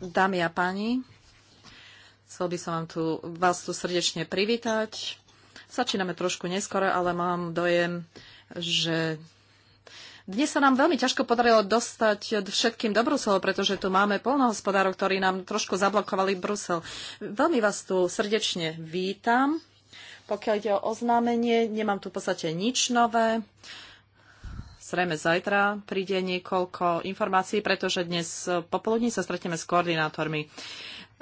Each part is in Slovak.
Dámy a páni, chcel by som vám tu, vás tu srdečne privítať. Začíname trošku neskoro, ale mám dojem, že dnes sa nám veľmi ťažko podarilo dostať všetkým do Bruselu, pretože tu máme polnohospodárov, ktorí nám trošku zablokovali Brusel. Veľmi vás tu srdečne vítam. Pokiaľ ide o oznámenie, nemám tu v podstate nič nové zrejme zajtra príde niekoľko informácií, pretože dnes popoludní sa stretneme s koordinátormi.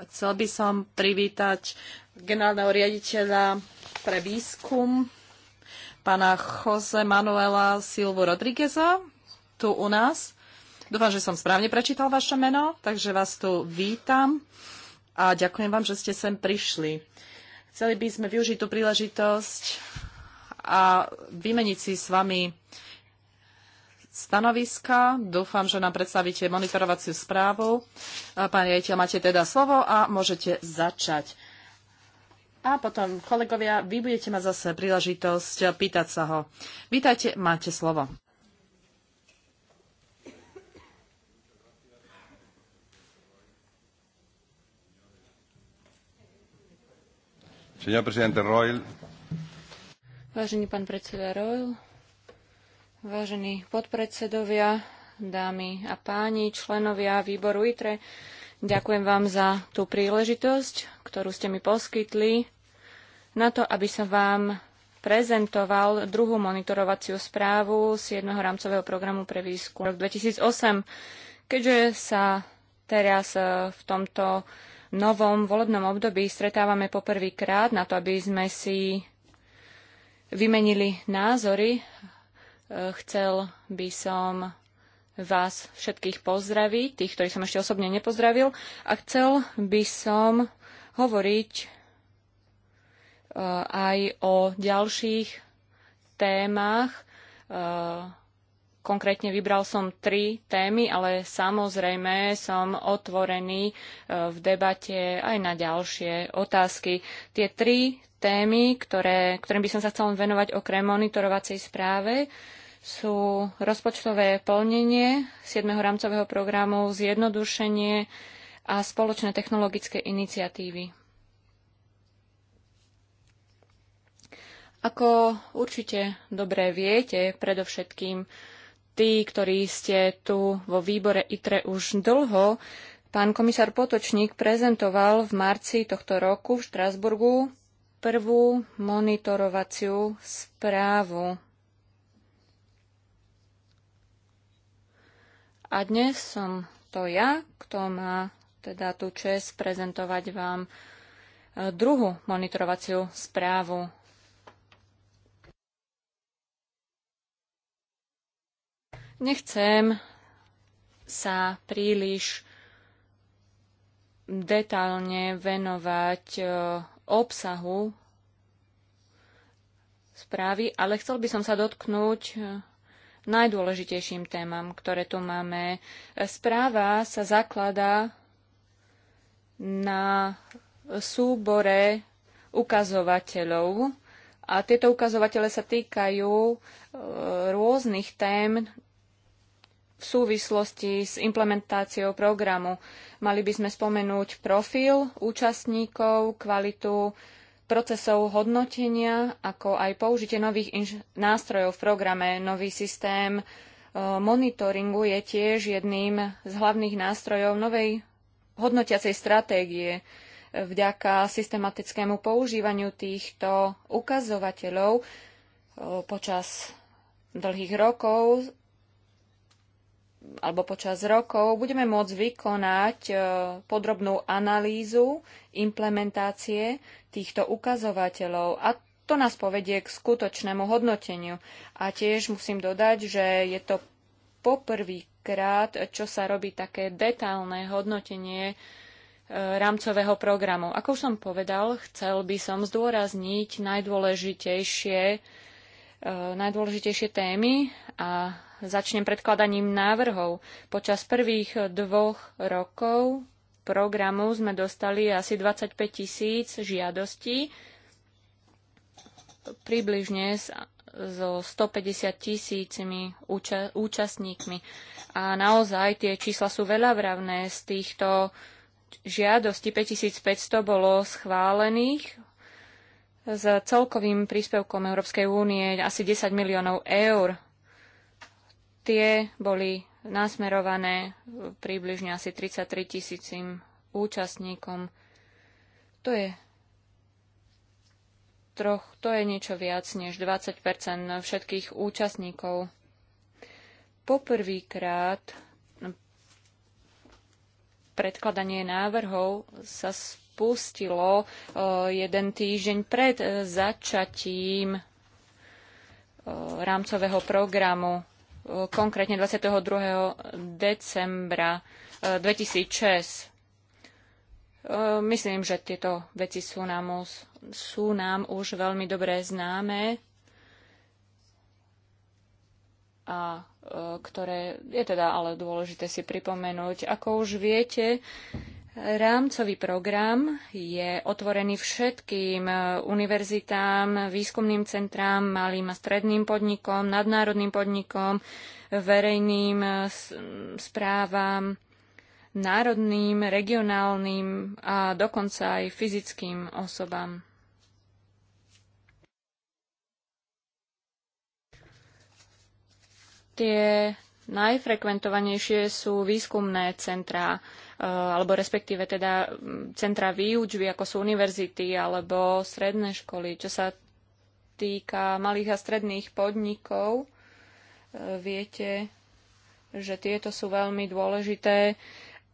Chcel by som privítať generálneho riaditeľa pre výskum, pána Jose Manuela Silvu Rodrígueza, tu u nás. Dúfam, že som správne prečítal vaše meno, takže vás tu vítam a ďakujem vám, že ste sem prišli. Chceli by sme využiť tú príležitosť a vymeniť si s vami stanoviska. Dúfam, že nám predstavíte monitorovaciu správu. Pán rejiteľ, máte teda slovo a môžete začať. A potom, kolegovia, vy budete mať zase príležitosť pýtať sa ho. Vítajte, máte slovo. Vážený pán predseda Royal, Vážení podpredsedovia, dámy a páni, členovia výboru ITRE, ďakujem vám za tú príležitosť, ktorú ste mi poskytli na to, aby sa vám prezentoval druhú monitorovaciu správu z jedného rámcového programu pre výskum rok 2008, keďže sa teraz e, v tomto novom volebnom období stretávame poprvýkrát na to, aby sme si vymenili názory Chcel by som vás všetkých pozdraviť, tých, ktorých som ešte osobne nepozdravil. A chcel by som hovoriť e, aj o ďalších témach. E, konkrétne vybral som tri témy, ale samozrejme som otvorený e, v debate aj na ďalšie otázky. Tie tri témy, ktoré, ktorým by som sa chcel venovať okrem monitorovacej správe, sú rozpočtové plnenie 7. rámcového programu, zjednodušenie a spoločné technologické iniciatívy. Ako určite dobre viete, predovšetkým tí, ktorí ste tu vo výbore ITRE už dlho, pán komisár Potočník prezentoval v marci tohto roku v Štrasburgu prvú monitorovaciu správu A dnes som to ja, kto má teda tú čest prezentovať vám e, druhú monitorovaciu správu. Nechcem sa príliš detálne venovať e, obsahu správy, ale chcel by som sa dotknúť e, najdôležitejším témam, ktoré tu máme. Správa sa zakladá na súbore ukazovateľov a tieto ukazovatele sa týkajú e, rôznych tém v súvislosti s implementáciou programu. Mali by sme spomenúť profil účastníkov, kvalitu procesov hodnotenia, ako aj použitie nových nástrojov v programe. Nový systém e, monitoringu je tiež jedným z hlavných nástrojov novej hodnotiacej stratégie. Vďaka systematickému používaniu týchto ukazovateľov e, počas dlhých rokov alebo počas rokov budeme môcť vykonať e, podrobnú analýzu implementácie týchto ukazovateľov a to nás povedie k skutočnému hodnoteniu. A tiež musím dodať, že je to poprvýkrát, čo sa robí také detailné hodnotenie e, rámcového programu. Ako už som povedal, chcel by som zdôrazniť najdôležitejšie, e, najdôležitejšie témy a začnem predkladaním návrhov. Počas prvých dvoch rokov programu sme dostali asi 25 tisíc žiadostí, približne so 150 tisícmi úča účastníkmi. A naozaj tie čísla sú veľavravné. Z týchto žiadostí 5500 bolo schválených s celkovým príspevkom Európskej únie asi 10 miliónov eur Tie boli nasmerované približne asi 33 tisícim účastníkom. To je troch, to je niečo viac než 20 všetkých účastníkov. Poprvýkrát predkladanie návrhov sa spustilo e, jeden týždeň pred e, začatím e, rámcového programu konkrétne 22. decembra 2006. Eh, eh, myslím, že tieto veci sú nám, sú nám už veľmi dobre známe a eh, ktoré je teda ale dôležité si pripomenúť. Ako už viete, Rámcový program je otvorený všetkým e, univerzitám, výskumným centrám, malým a stredným podnikom, nadnárodným podnikom, verejným e, správam, národným, regionálnym a dokonca aj fyzickým osobám. Tie najfrekventovanejšie sú výskumné centrá Eh, alebo respektíve teda mm, centra výučby, ako sú univerzity alebo stredné školy. Čo sa týka malých a stredných podnikov, eh, viete, že tieto sú veľmi dôležité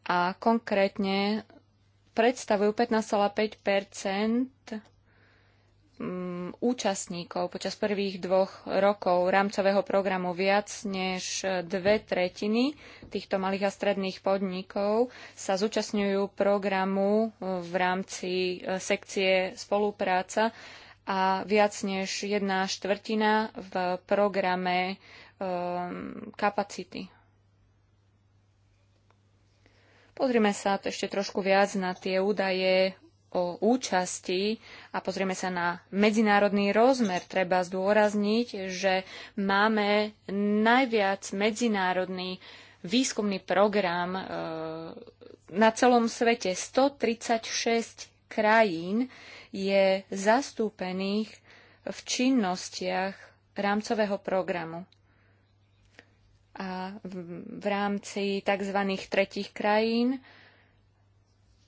a konkrétne predstavujú 15,5 Mm, účastníkov počas prvých dvoch rokov rámcového programu viac než dve tretiny týchto malých a stredných podnikov sa zúčastňujú programu e, v rámci e, sekcie spolupráca a viac než jedna štvrtina v programe e, kapacity. Pozrime sa ešte trošku viac na tie údaje o účasti a pozrieme sa na medzinárodný rozmer, treba zdôrazniť, že máme najviac medzinárodný výskumný program e, na celom svete. 136 krajín je zastúpených v činnostiach rámcového programu. A v rámci tzv. tretich krajín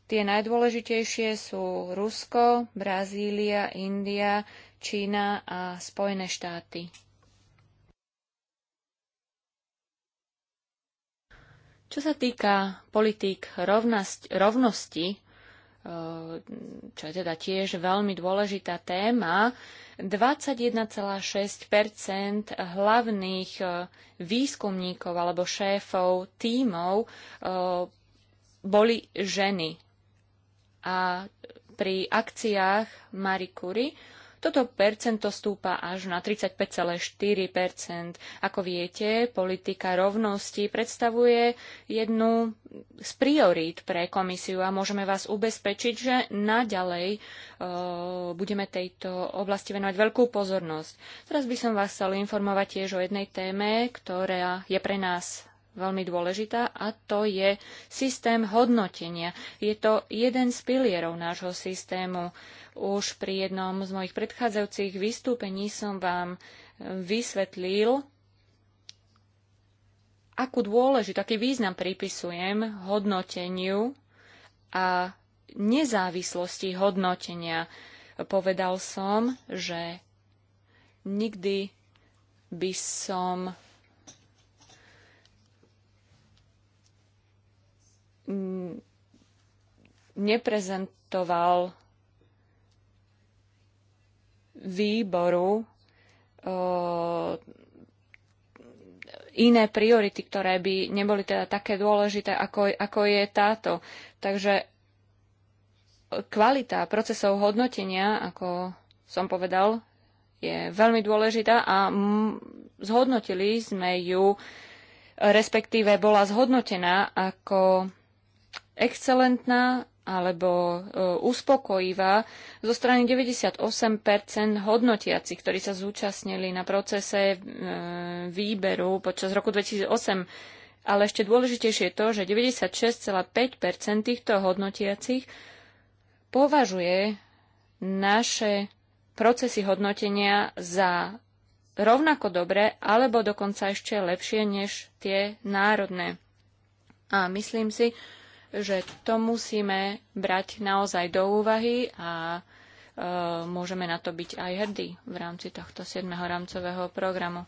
Tie najdôležitejšie sú Rusko, Brazília, India, Čína a Spojené štáty. Čo sa týka politík rovnosť, rovnosti e, čo je teda tiež veľmi dôležitá téma, 21,6 hlavných e, výskumníkov alebo šéfov tímov e, boli ženy a pri akciách Marie Curie toto percento stúpa až na 35,4 Ako viete, politika rovnosti predstavuje jednu z priorít pre komisiu a môžeme vás ubezpečiť, že naďalej e, budeme tejto oblasti venovať veľkú pozornosť. Teraz by som vás chcel informovať tiež o jednej téme, ktorá je pre nás veľmi dôležitá a to je systém hodnotenia. Je to jeden z pilierov nášho systému. Už pri jednom z mojich predchádzajúcich vystúpení som vám eh, vysvetlil, akú dôležitú, aký význam pripisujem hodnoteniu a nezávislosti hodnotenia. Povedal som, že nikdy by som neprezentoval výboru e, iné priority, ktoré by neboli teda také dôležité, ako, ako je táto. Takže kvalita procesov hodnotenia, ako som povedal, je veľmi dôležitá a zhodnotili sme ju, respektíve bola zhodnotená ako excelentná alebo e, uspokojivá zo strany 98 hodnotiaci, ktorí sa zúčastnili na procese e, výberu počas roku 2008 ale ešte dôležitejšie je to, že 96,5 týchto hodnotiacich považuje naše procesy hodnotenia za rovnako dobré alebo dokonca ešte lepšie než tie národné. A myslím si, že to musíme brať naozaj do úvahy a e, môžeme na to byť aj hrdí v rámci tohto 7. rámcového programu.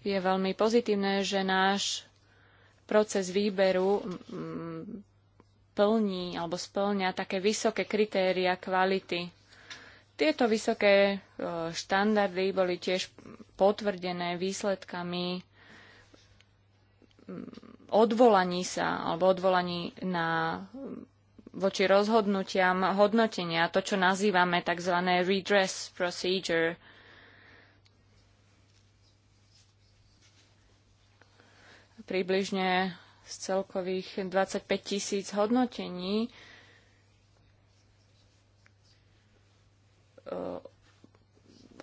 Je veľmi pozitívne, že náš proces výberu plní alebo splňa také vysoké kritéria kvality. Tieto vysoké e, štandardy boli tiež potvrdené výsledkami odvolaní sa alebo odvolaní na voči rozhodnutiam hodnotenia, to, čo nazývame tzv. redress procedure. Približne z celkových 25 tisíc hodnotení e,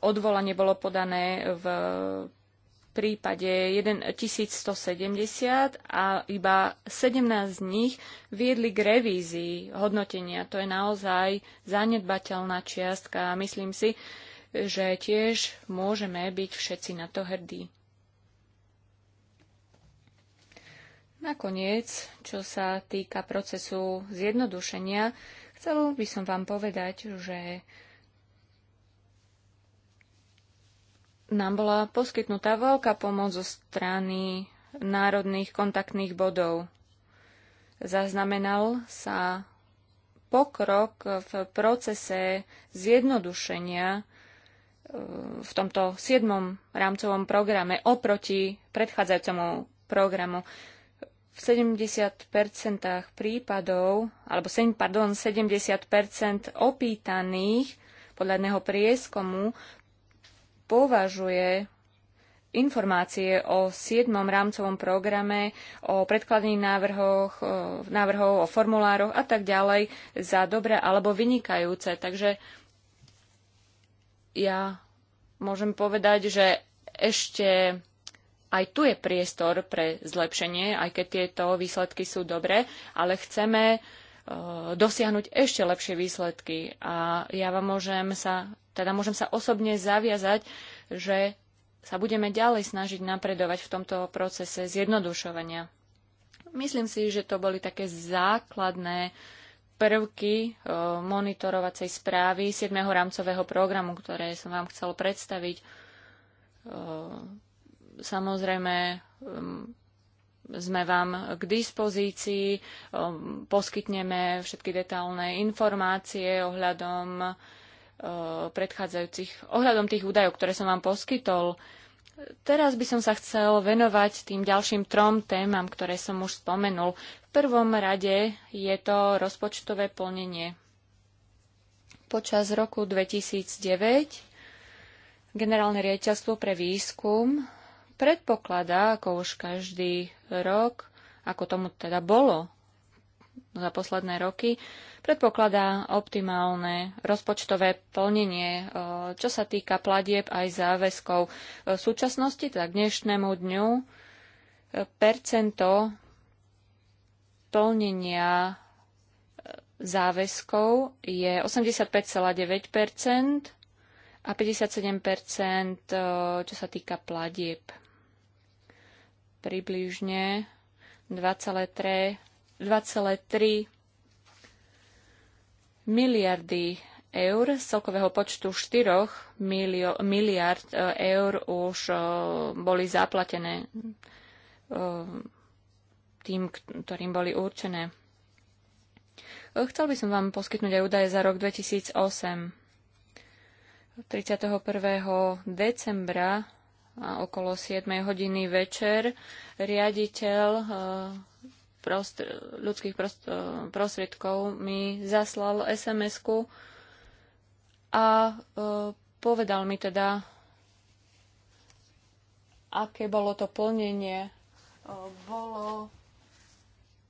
odvolanie bolo podané v prípade 1170 a iba 17 z nich viedli k revízii hodnotenia. To je naozaj zanedbateľná čiastka a myslím si, že tiež môžeme byť všetci na to hrdí. Nakoniec, čo sa týka procesu zjednodušenia, chcel by som vám povedať, že nám bola poskytnutá veľká pomoc zo strany národných kontaktných bodov. Zaznamenal sa pokrok v procese zjednodušenia e, v tomto 7. rámcovom programe oproti predchádzajúcemu programu. V 70% prípadov, alebo 7, pardon, 70% opýtaných podľa jedného prieskomu považuje informácie o 7. rámcovom programe, o predkladných návrhoch, návrhov, o formulároch a tak ďalej za dobré alebo vynikajúce. Takže ja môžem povedať, že ešte aj tu je priestor pre zlepšenie, aj keď tieto výsledky sú dobré, ale chceme uh, dosiahnuť ešte lepšie výsledky. A ja vám môžem sa, teda môžem sa osobne zaviazať, že sa budeme ďalej snažiť napredovať v tomto procese zjednodušovania. Myslím si, že to boli také základné prvky e, monitorovacej správy 7. rámcového programu, ktoré som vám chcel predstaviť. E, samozrejme, sme vám k dispozícii, ehm, poskytneme všetky detailné informácie ohľadom ehm, predchádzajúcich, ohľadom tých údajov, ktoré som vám poskytol. Teraz by som sa chcel venovať tým ďalším trom témam, ktoré som už spomenul. V prvom rade je to rozpočtové plnenie. Počas roku 2009 Generálne riaditeľstvo pre výskum predpokladá, ako už každý rok, ako tomu teda bolo za posledné roky, predpokladá optimálne rozpočtové plnenie, e, čo sa týka platieb aj záväzkov. E, v súčasnosti, teda k dnešnému dňu, e, percento plnenia záväzkov je 85,9 a 57 čo sa týka platieb približne 2,3 miliardy eur z celkového počtu 4 milio, miliard e, eur už e, boli zaplatené e, tým, ktorým boli určené. Chcel by som vám poskytnúť aj údaje za rok 2008. 31. decembra okolo 7 hodiny večer riaditeľ e, prostr- ľudských prostr- e, prostriedkov mi zaslal SMS-ku a e, povedal mi teda, aké bolo to plnenie. Bolo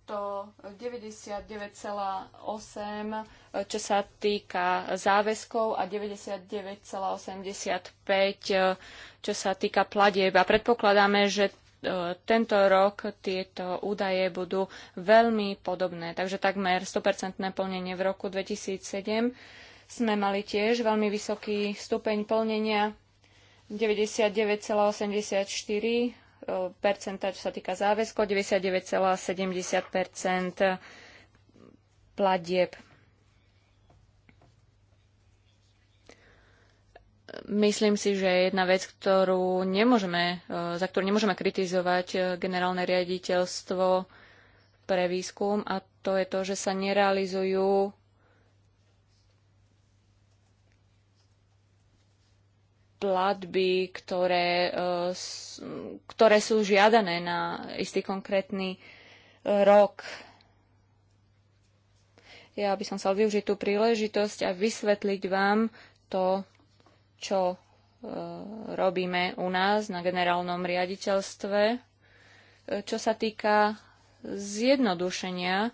to 99,8, čo sa týka záväzkov a 99,85, čo sa týka platieb. A predpokladáme, že e, tento rok tieto údaje budú veľmi podobné. Takže takmer 100% plnenie v roku 2007 sme mali tiež veľmi vysoký stupeň plnenia 99,84 e, percenta, čo sa týka záväzko 99,70 platieb. myslím si, že jedna vec, ktorú nemôžeme, e, za ktorú nemôžeme kritizovať e, generálne riaditeľstvo pre výskum a to je to, že sa nerealizujú platby, ktoré, e, ktoré sú žiadané na istý konkrétny rok. Ja by som chcel využiť tú príležitosť a vysvetliť vám to, čo e, robíme u nás na generálnom riaditeľstve, e, čo sa týka zjednodušenia.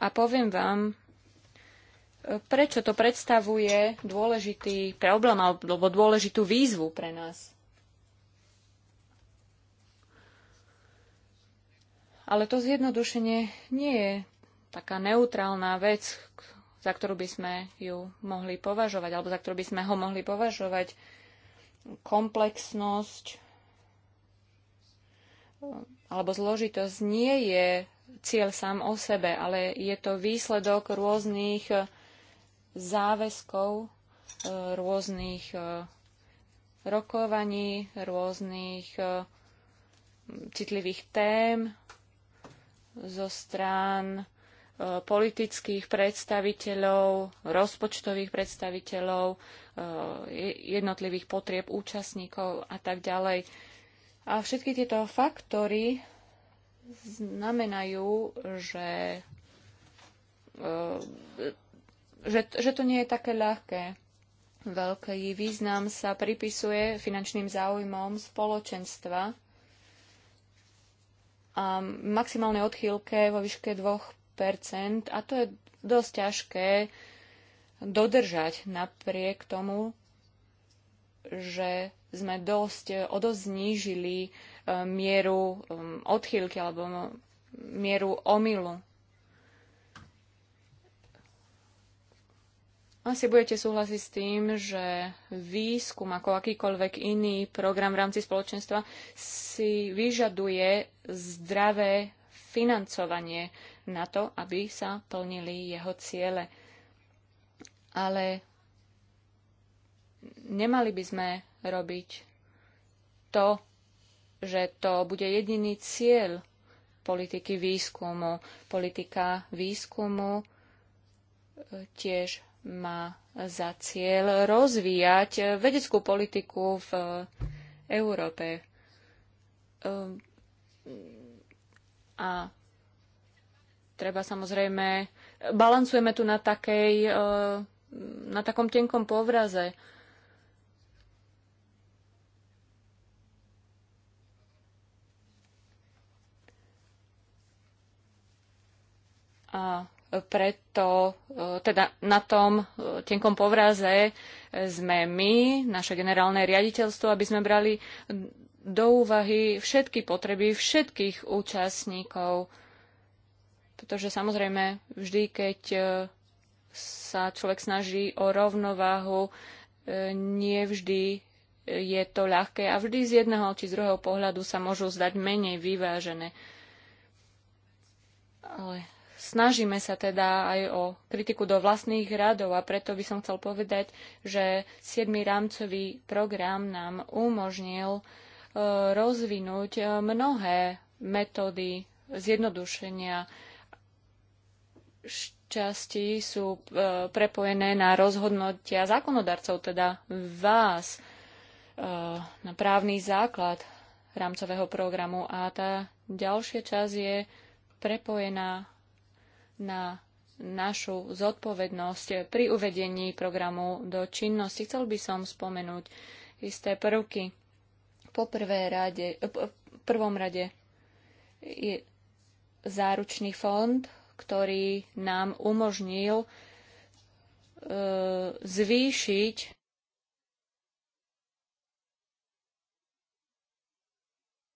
A poviem vám, e, prečo to predstavuje dôležitý problém alebo dôležitú výzvu pre nás. Ale to zjednodušenie nie je taká neutrálna vec, za ktorú by sme ju mohli považovať, alebo za ktorú by sme ho mohli považovať. Komplexnosť eh, alebo zložitosť nie je cieľ sám o sebe, ale je to výsledok rôznych eh, záväzkov, eh, rôznych rokovaní, rôznych citlivých tém zo strán E, politických predstaviteľov, rozpočtových predstaviteľov, e, jednotlivých potrieb účastníkov a tak ďalej. A všetky tieto faktory znamenajú, že, e, že, že to nie je také ľahké. Veľký význam sa pripisuje finančným záujmom spoločenstva a maximálnej odchýlke vo výške a to je dosť ťažké dodržať napriek tomu, že sme dosť, odoznížili znížili e, mieru e, odchýlky alebo mieru omylu. Asi budete súhlasiť s tým, že výskum ako akýkoľvek iný program v rámci spoločenstva si vyžaduje zdravé financovanie na to, aby sa plnili jeho ciele. Ale nemali by sme robiť to, že to bude jediný cieľ politiky výskumu. Politika výskumu e, tiež má za cieľ rozvíjať vedeckú politiku v e, Európe. E, a treba samozrejme, balancujeme tu na, takej, e, na takom tenkom povraze. A preto e, teda na tom e, tenkom povraze sme my, naše generálne riaditeľstvo, aby sme brali do úvahy všetky potreby všetkých účastníkov pretože samozrejme, vždy, keď e, sa človek snaží o rovnováhu, e, nie vždy je to ľahké a vždy z jedného či z druhého pohľadu sa môžu zdať menej vyvážené. Ale snažíme sa teda aj o kritiku do vlastných radov a preto by som chcel povedať, že 7. rámcový program nám umožnil e, rozvinúť mnohé metódy zjednodušenia časti sú e, prepojené na rozhodnutia zákonodarcov, teda vás, e, na právny základ rámcového programu a tá ďalšia časť je prepojená na našu zodpovednosť pri uvedení programu do činnosti. Chcel by som spomenúť isté prvky. Po prvé rade, e, prvom rade je záručný fond, ktorý nám umožnil e, zvýšiť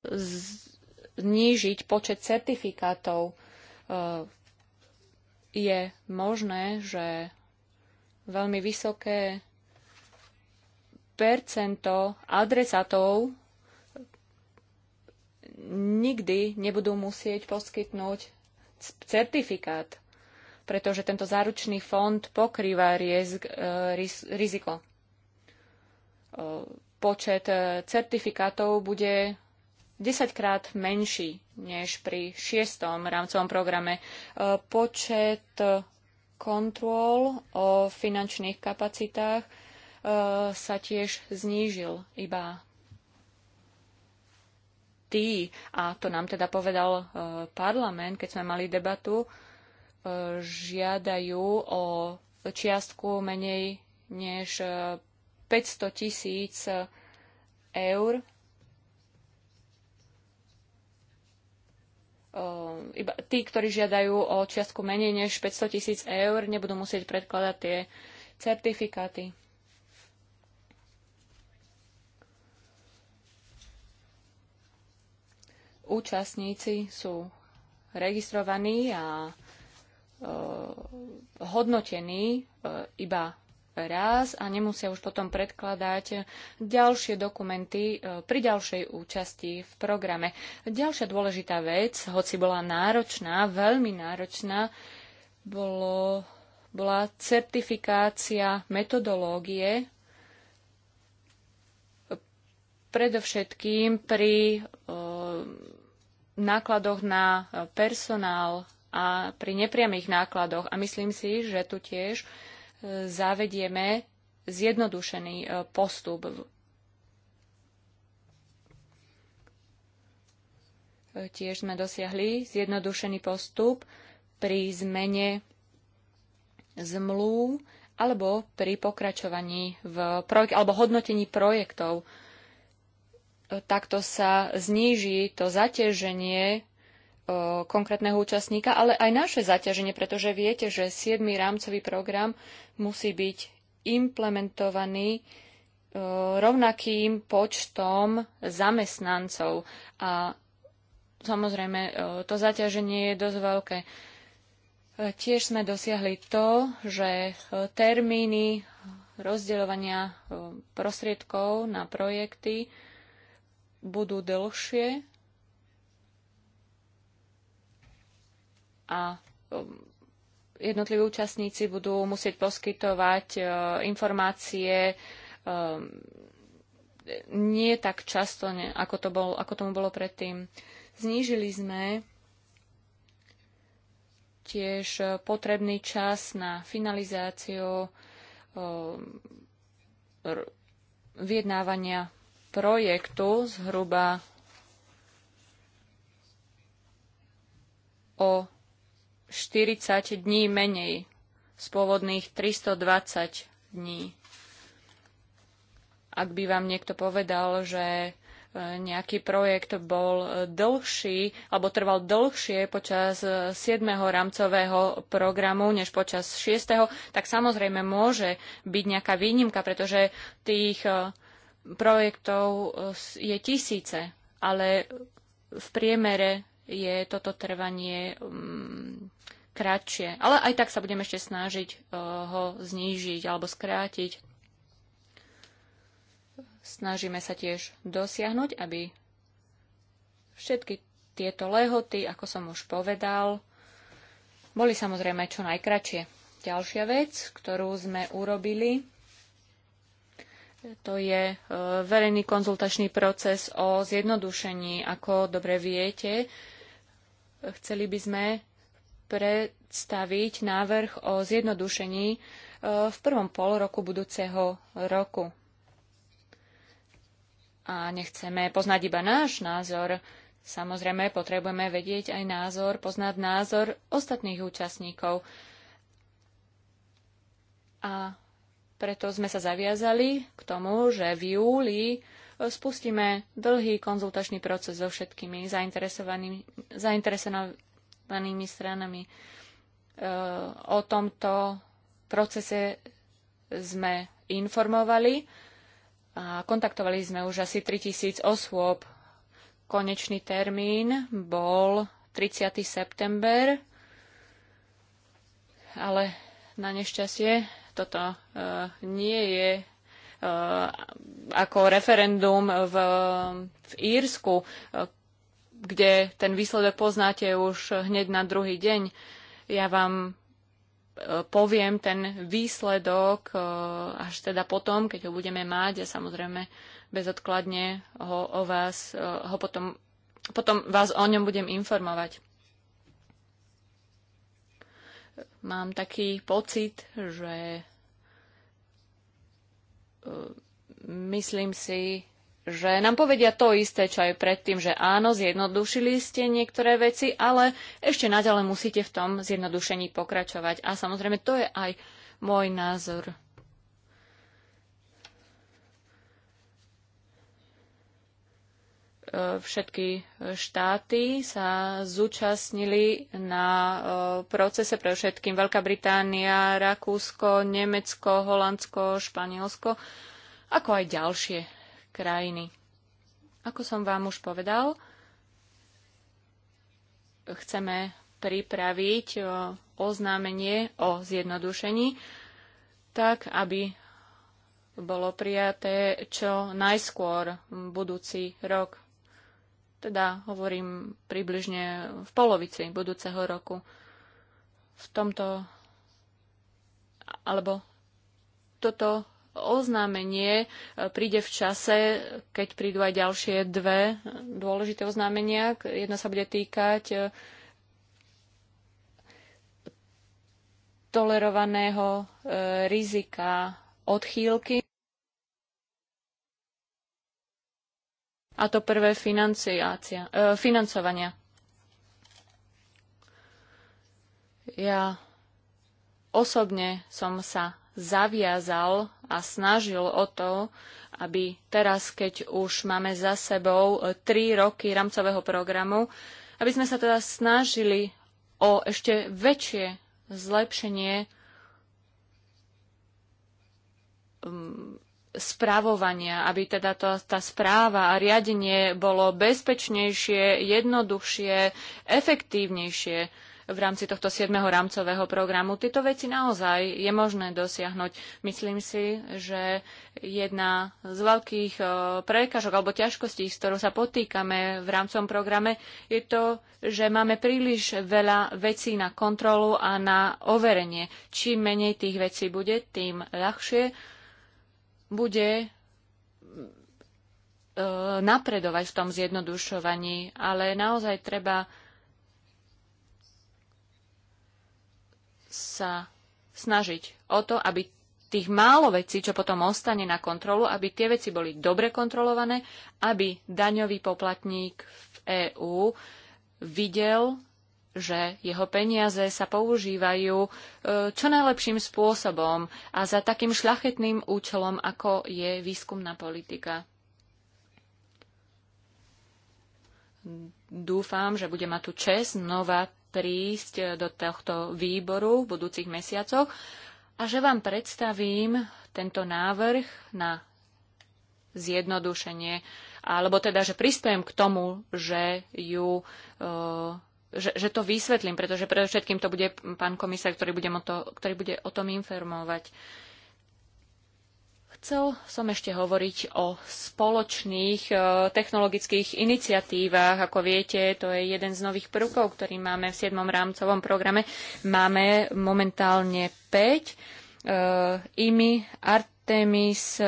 znížiť počet certifikátov. E, je možné, že veľmi vysoké percento adresátov nikdy nebudú musieť poskytnúť certifikát, pretože tento záručný fond pokrýva riesk e, riz, riziko. E, počet e, certifikátov bude 10 krát menší než pri šiestom rámcovom programe. Počet kontrol o finančných kapacitách sa tiež znížil iba tí, a to nám teda povedal e, parlament, keď sme mali debatu, e, žiadajú o čiastku menej než 500 e, tisíc eur iba tí, ktorí žiadajú o čiastku menej než 500 tisíc eur, nebudú musieť predkladať tie certifikáty. účastníci sú registrovaní a e, hodnotení e, iba raz a nemusia už potom predkladať ďalšie dokumenty e, pri ďalšej účasti v programe. Ďalšia dôležitá vec, hoci bola náročná, veľmi náročná, bolo, bola certifikácia metodológie predovšetkým pri nákladoch na e, personál a pri nepriamých nákladoch. A myslím si, že tu tiež e, zavedieme zjednodušený e, postup. Tiež sme dosiahli zjednodušený postup pri zmene zmluv alebo pri pokračovaní v projek- alebo hodnotení projektov takto sa zníži to zaťaženie e, konkrétneho účastníka, ale aj naše zaťaženie, pretože viete, že 7. rámcový program musí byť implementovaný e, rovnakým počtom zamestnancov. A samozrejme, e, to zaťaženie je dosť veľké. Tiež sme dosiahli to, že termíny rozdeľovania prostriedkov na projekty budú dlhšie a um, jednotliví účastníci budú musieť poskytovať uh, informácie um, nie tak často, ako, to bol, ako tomu bolo predtým. Znížili sme tiež uh, potrebný čas na finalizáciu um, vyjednávania projektu zhruba o 40 dní menej z pôvodných 320 dní. Ak by vám niekto povedal, že e, nejaký projekt bol dlhší alebo trval dlhšie počas 7. E, rámcového programu než počas 6., tak samozrejme môže byť nejaká výnimka, pretože tých e, projektov e, je tisíce, ale v priemere je toto trvanie um, kratšie. Ale aj tak sa budeme ešte snažiť uh, ho znížiť alebo skrátiť. Snažíme sa tiež dosiahnuť, aby všetky tieto lehoty, ako som už povedal, boli samozrejme čo najkračšie. Ďalšia vec, ktorú sme urobili, to je e, verejný konzultačný proces o zjednodušení. Ako dobre viete, chceli by sme predstaviť návrh o zjednodušení e, v prvom pol roku budúceho roku. A nechceme poznať iba náš názor, Samozrejme, potrebujeme vedieť aj názor, poznať názor ostatných účastníkov. A preto sme sa zaviazali k tomu, že v júli e, spustíme dlhý konzultačný proces so všetkými zainteresovanými, zainteresovanými stranami. E, o tomto procese sme informovali a kontaktovali sme už asi 3000 osôb. Konečný termín bol 30. september, ale na nešťastie toto e, nie je e, ako referendum v, v Írsku, e, kde ten výsledok poznáte už hneď na druhý deň. Ja vám poviem ten výsledok až teda potom, keď ho budeme mať a samozrejme bezodkladne ho o vás, ho potom, potom vás o ňom budem informovať mám taký pocit, že e, myslím si, že nám povedia to isté, čo aj predtým, že áno, zjednodušili ste niektoré veci, ale ešte naďalej musíte v tom zjednodušení pokračovať. A samozrejme, to je aj môj názor. E, všetky štáty sa zúčastnili na e, procese pre všetkým Veľká Británia, Rakúsko, Nemecko, Holandsko, Španielsko, ako aj ďalšie krajiny. Ako som vám už povedal, chceme pripraviť e, oznámenie o zjednodušení, tak aby bolo prijaté čo najskôr budúci rok teda hovorím približne v polovici budúceho roku. V tomto alebo toto oznámenie e, príde v čase, keď prídu aj ďalšie dve dôležité oznámenia. Jedno sa bude týkať e, tolerovaného e, rizika odchýlky. A to prvé e, financovania. Ja osobne som sa zaviazal a snažil o to, aby teraz, keď už máme za sebou e, tri roky rámcového programu, aby sme sa teda snažili o ešte väčšie zlepšenie mm, správovania, aby teda to, tá správa a riadenie bolo bezpečnejšie, jednoduchšie, efektívnejšie v rámci tohto 7. rámcového programu. Tieto veci naozaj je možné dosiahnuť. Myslím si, že jedna z veľkých e, prekážok alebo ťažkostí, s ktorou sa potýkame v rámcom programe, je to, že máme príliš veľa vecí na kontrolu a na overenie. Čím menej tých vecí bude, tým ľahšie bude e, napredovať v tom zjednodušovaní, ale naozaj treba sa snažiť o to, aby tých málo vecí, čo potom ostane na kontrolu, aby tie veci boli dobre kontrolované, aby daňový poplatník v EÚ videl, že jeho peniaze sa používajú e, čo najlepším spôsobom a za takým šľachetným účelom, ako je výskumná politika. Dúfam, že bude mať tu čest znova prísť e, do tohto výboru v budúcich mesiacoch a že vám predstavím tento návrh na zjednodušenie, alebo teda, že prispiem k tomu, že ju e, že, že to vysvetlím, pretože predovšetkým to bude pán komisár, ktorý, ktorý bude o tom informovať. Chcel som ešte hovoriť o spoločných e, technologických iniciatívach. Ako viete, to je jeden z nových prvkov, ktorý máme v 7. rámcovom programe. Máme momentálne 5. E, IMI, Artemis,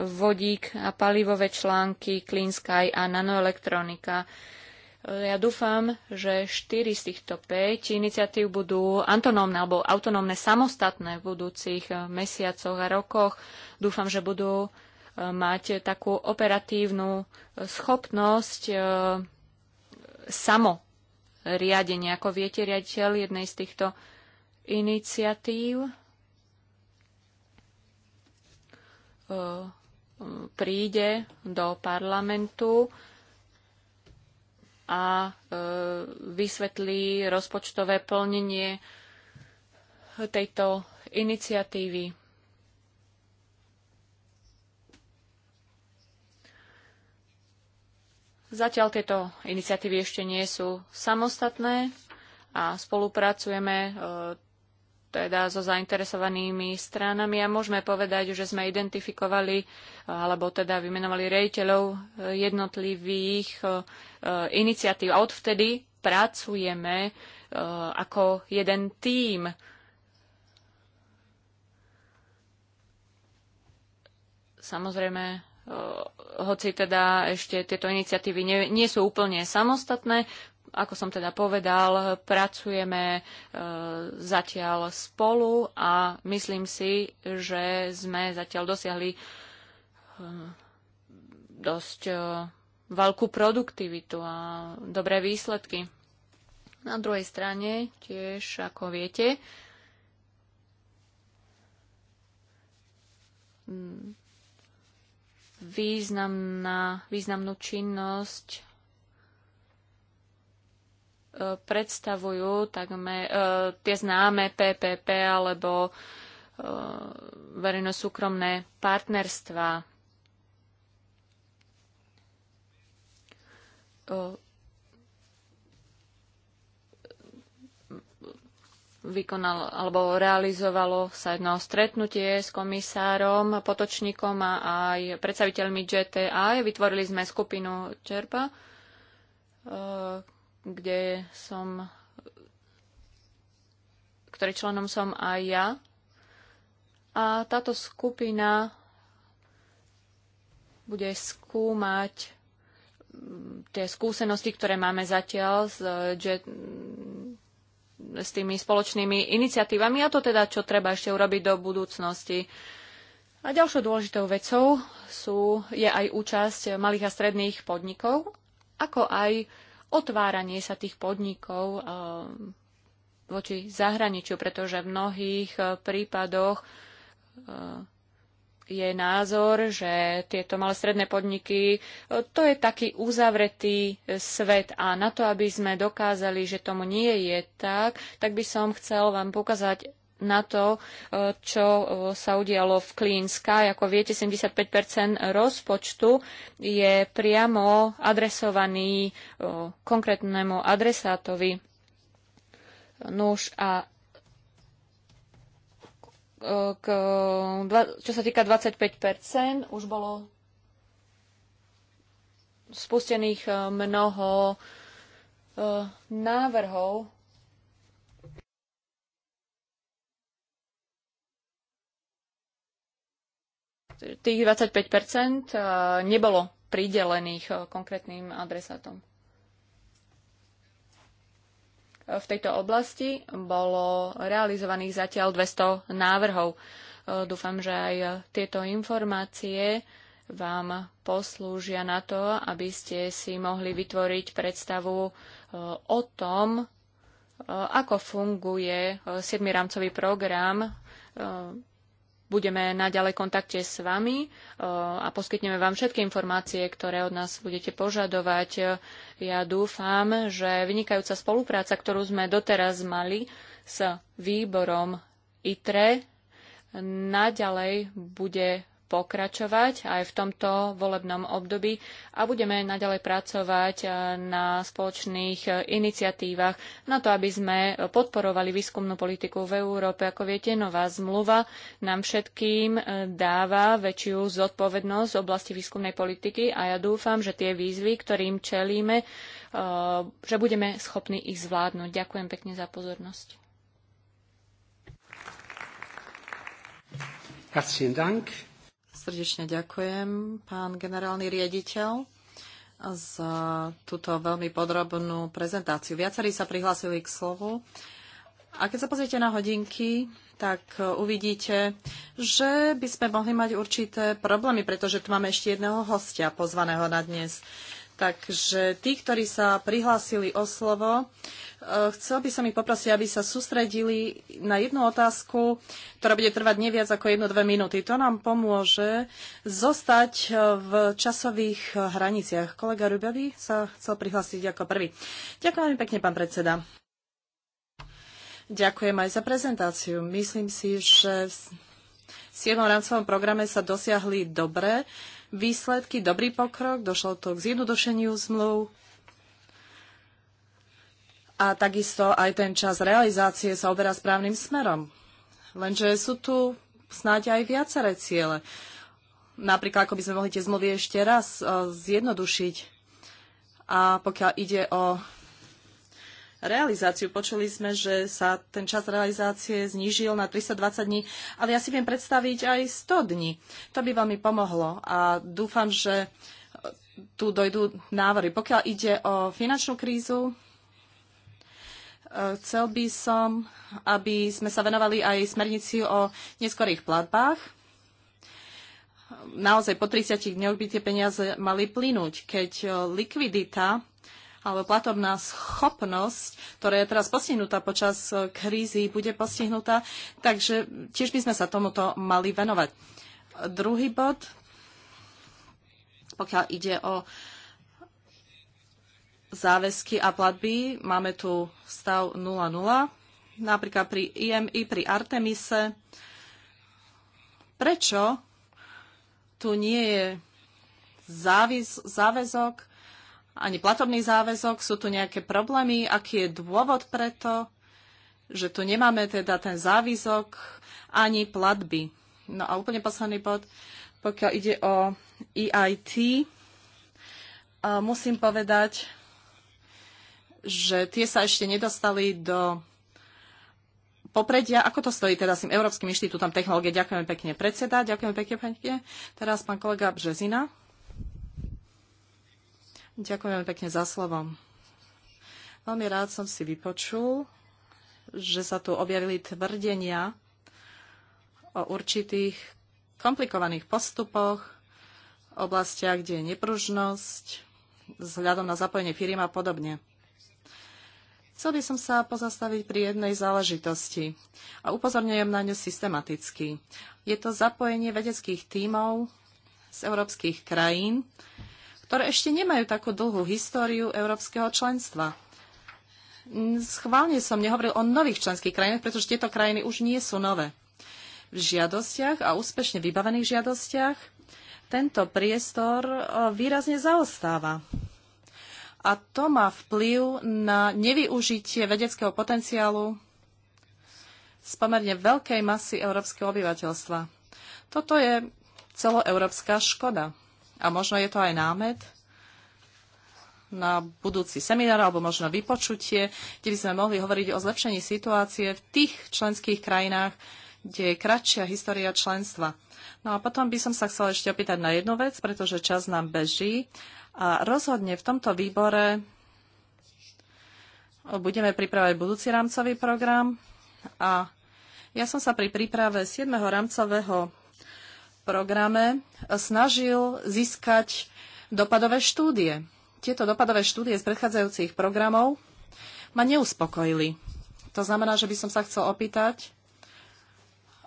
vodík a palivové články, Clean Sky a nanoelektronika. Ja dúfam, že štyri z týchto 5 iniciatív budú autonómne alebo autonómne samostatné v budúcich eh, mesiacoch a rokoch. Dúfam, že budú eh, mať takú operatívnu eh, schopnosť samoriadenia samo Ako viete, riaditeľ jednej z týchto iniciatív príde do parlamentu a e, vysvetlí rozpočtové plnenie tejto iniciatívy. Zatiaľ tieto iniciatívy ešte nie sú samostatné a spolupracujeme e, teda so zainteresovanými stranami a môžeme povedať, že sme identifikovali alebo teda vymenovali rejiteľov e, jednotlivých e, e, iniciatív. A odvtedy pracujeme ako jeden tím. Samozrejme, hoci teda ešte tieto iniciatívy nie, nie sú úplne samostatné, ako som teda povedal, pracujeme e, zatiaľ spolu a myslím si, že sme zatiaľ dosiahli e, dosť e, veľkú produktivitu a dobré výsledky. Na druhej strane tiež, ako viete, významná, významnú činnosť predstavujú takme, uh, tie známe PPP alebo e, verejno-súkromné partnerstva. E, vykonal alebo realizovalo sa jedno stretnutie s komisárom Potočníkom a aj predstaviteľmi JTA. Vytvorili sme skupinu Čerpa, kde som ktorý členom som aj ja. A táto skupina bude skúmať mm, tie skúsenosti, ktoré máme zatiaľ s, že, mm, s tými spoločnými iniciatívami a to teda, čo treba ešte urobiť do budúcnosti. A ďalšou dôležitou vecou sú, je aj účasť malých a stredných podnikov, ako aj otváranie sa tých podnikov eh, voči zahraničiu, pretože v mnohých eh, prípadoch eh, je názor, že tieto malé stredné podniky, to je taký uzavretý svet a na to, aby sme dokázali, že tomu nie je tak, tak by som chcel vám pokazať na to, e, čo e, sa udialo v Clean Sky. Ako viete, 75 rozpočtu je priamo adresovaný e, konkrétnemu adresátovi. Nuž a k, čo sa týka 25 už bolo spustených mnoho návrhov tých 25 eh, nebolo pridelených eh, konkrétnym adresátom. Eh, v tejto oblasti bolo realizovaných zatiaľ 200 návrhov. Dúfam, že aj tieto informácie vám poslúžia na to, aby ste si mohli vytvoriť predstavu o tom, ako funguje 7. rámcový program budeme naďalej v kontakte s vami eh, a poskytneme vám všetky informácie, ktoré od nás budete požadovať. Ja dúfam, že vynikajúca spolupráca, ktorú sme doteraz mali s výborom ITRE, naďalej bude pokračovať aj v tomto volebnom období a budeme naďalej pracovať eh, na spoločných eh, iniciatívach na to, aby sme podporovali výskumnú politiku v Európe. Ako viete, nová zmluva nám všetkým eh, dáva väčšiu zodpovednosť v oblasti výskumnej politiky a ja dúfam, že tie výzvy, ktorým čelíme, že budeme schopní ich zvládnuť. Ďakujem pekne za pozornosť. Herzlichen Dank. Srdečne ďakujem, pán generálny riaditeľ, za túto veľmi podrobnú prezentáciu. Viacerí sa prihlásili k slovu. A keď sa pozriete na hodinky, tak uvidíte, že by sme mohli mať určité problémy, pretože tu máme ešte jedného hostia pozvaného na dnes. Takže tí, ktorí sa prihlásili o slovo, e, chcel by som ich poprosiť, aby sa sústredili na jednu otázku, ktorá bude trvať neviac ako 1-2 minúty. To nám pomôže zostať e, v časových hraniciach. Kolega Rubavý sa chcel prihlásiť ako prvý. Ďakujem veľmi pekne, pán predseda. Ďakujem aj za prezentáciu. Myslím si, že v 7. rámcovom programe sa dosiahli dobré výsledky, dobrý pokrok, došlo to k zjednodušeniu zmluv a takisto aj ten čas realizácie sa oberá správnym smerom. Lenže sú tu snáď aj viaceré ciele. Napríklad, ako by sme mohli tie zmluvy ešte raz e, zjednodušiť. A pokiaľ ide o realizáciu. Počuli sme, že sa ten čas realizácie znížil na 320 dní, ale ja si viem predstaviť aj 100 dní. To by veľmi pomohlo a dúfam, že tu dojdú návory. Pokiaľ ide o finančnú krízu, e, chcel by som, aby sme sa venovali aj smernici o neskorých platbách. Naozaj po 30 dňoch by tie peniaze mali plynúť. Keď likvidita alebo platobná schopnosť, ktorá je teraz postihnutá počas e, krízy, bude postihnutá. Takže tiež by sme sa tomuto mali venovať. Druhý bod, pokiaľ ide o záväzky a platby, máme tu stav 0,0, napríklad pri IMI, pri Artemise. Prečo tu nie je záväzok ani platobný záväzok. Sú tu nejaké problémy? Aký je dôvod preto, že tu nemáme teda ten záväzok ani platby? No a úplne posledný bod, pokiaľ ide o EIT, musím povedať, že tie sa ešte nedostali do popredia. Ako to stojí teda s tým Európskym inštitútom technológie? Ďakujem pekne predseda, ďakujem pekne pekne. Teraz pán kolega Březina. Ďakujem pekne za slovo. Veľmi rád som si vypočul, že sa tu objavili tvrdenia o určitých komplikovaných postupoch, oblastiach, kde je nepružnosť, vzhľadom na zapojenie firiem a podobne. Chcel by som sa pozastaviť pri jednej záležitosti a upozorňujem na ňu systematicky. Je to zapojenie vedeckých tímov z európskych krajín ktoré ešte nemajú takú dlhú históriu európskeho členstva. Schválne som nehovoril o nových členských krajinách, pretože tieto krajiny už nie sú nové. V žiadostiach a úspešne vybavených žiadostiach tento priestor výrazne zaostáva. A to má vplyv na nevyužitie vedeckého potenciálu z pomerne veľkej masy európskeho obyvateľstva. Toto je celoeurópska škoda a možno je to aj námet na budúci seminár alebo možno vypočutie, kde by sme mohli hovoriť o zlepšení situácie v tých členských krajinách, kde je kratšia história členstva. No a potom by som sa chcela ešte opýtať na jednu vec, pretože čas nám beží a rozhodne v tomto výbore budeme pripravať budúci rámcový program a ja som sa pri príprave 7. rámcového programe snažil získať dopadové štúdie. Tieto dopadové štúdie z predchádzajúcich programov ma neuspokojili. To znamená, že by som sa chcel opýtať,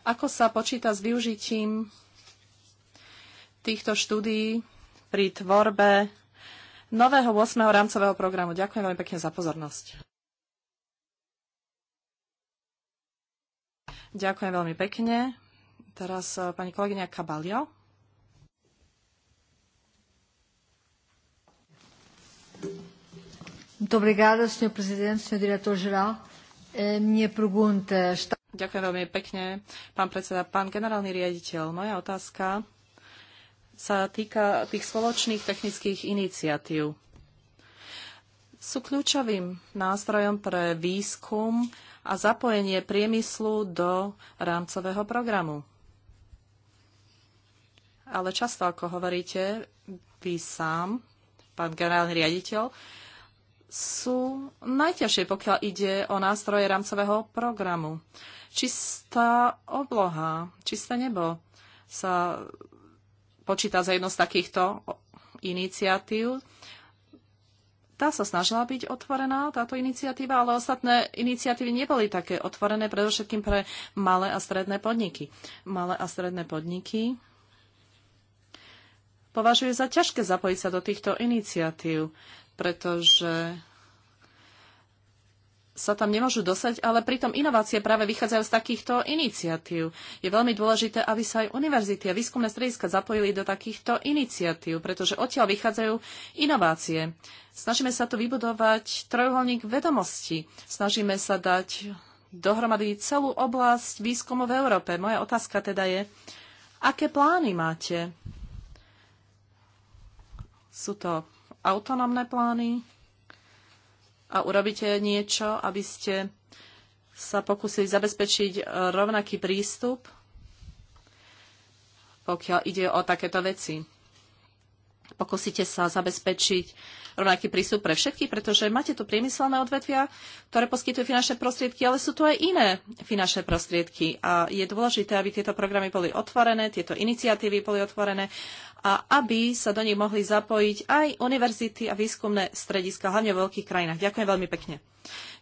ako sa počíta s využitím týchto štúdií pri tvorbe nového 8. rámcového programu. Ďakujem veľmi pekne za pozornosť. Ďakujem veľmi pekne. Teraz e, pani kolegyňa Kabalio. E, Ďakujem veľmi pekne, pán predseda. Pán generálny riaditeľ, moja otázka sa týka tých spoločných technických iniciatív. Sú kľúčovým nástrojom pre výskum a zapojenie priemyslu do rámcového programu ale často, ako hovoríte, vy sám, pán generálny riaditeľ, sú najťažšie, pokiaľ ide o nástroje rámcového programu. Čistá obloha, čisté nebo sa počíta za jedno z takýchto iniciatív. Tá sa snažila byť otvorená, táto iniciatíva, ale ostatné iniciatívy neboli také otvorené, predovšetkým pre malé a stredné podniky. Malé a stredné podniky považuje za ťažké zapojiť sa do týchto iniciatív, pretože sa tam nemôžu dosať, ale pritom inovácie práve vychádzajú z takýchto iniciatív. Je veľmi dôležité, aby sa aj univerzity a výskumné strediska zapojili do takýchto iniciatív, pretože odtiaľ vychádzajú inovácie. Snažíme sa tu vybudovať trojuholník vedomostí. Snažíme sa dať dohromady celú oblasť výskumu v Európe. Moja otázka teda je, aké plány máte sú to autonómne plány a urobíte niečo, aby ste sa pokúsili zabezpečiť rovnaký prístup, pokiaľ ide o takéto veci pokúsite sa zabezpečiť rovnaký prístup pre všetky, pretože máte tu priemyselné odvetvia, ktoré poskytujú finančné prostriedky, ale sú tu aj iné finančné prostriedky. A je dôležité, aby tieto programy boli otvorené, tieto iniciatívy boli otvorené a aby sa do nich mohli zapojiť aj univerzity a výskumné strediska, hlavne v veľkých krajinách. Ďakujem veľmi pekne.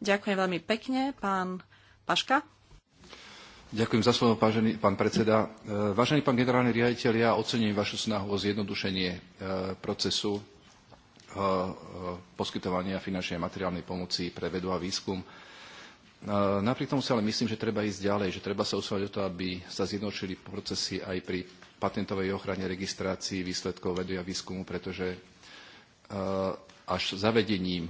Ďakujem veľmi pekne, pán Paška. Ďakujem za slovo, pážený, pán predseda. E, vážený pán generálny riaditeľ, ja ocením vašu snahu o zjednodušenie e, procesu e, poskytovania finančnej a materiálnej pomoci pre vedu a výskum. Napriek tomu si ale myslím, že treba ísť ďalej, že treba sa usilovať o to, aby sa zjednočili procesy aj pri patentovej ochrane registrácii výsledkov vedy a výskumu, pretože až zavedením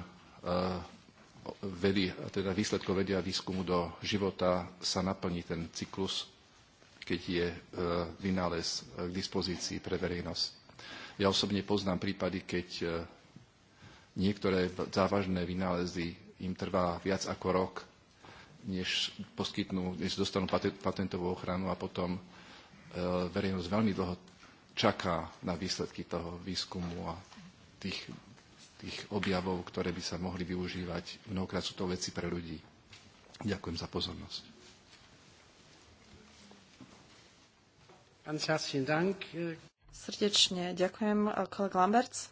vedy, teda výsledkov vedia a výskumu do života sa naplní ten cyklus, keď je e, vynález e, k dispozícii pre verejnosť. Ja osobne poznám prípady, keď e, niektoré závažné vynálezy im trvá viac ako rok, než, poskytnú, než dostanú patentovú ochranu a potom verejnosť veľmi dlho čaká na výsledky toho výskumu a tých tých objavov, ktoré by sa mohli využívať. Mnohokrát sú to veci pre ľudí. Ďakujem za pozornosť. Srdečne ďakujem, eh, kolega Lamberts.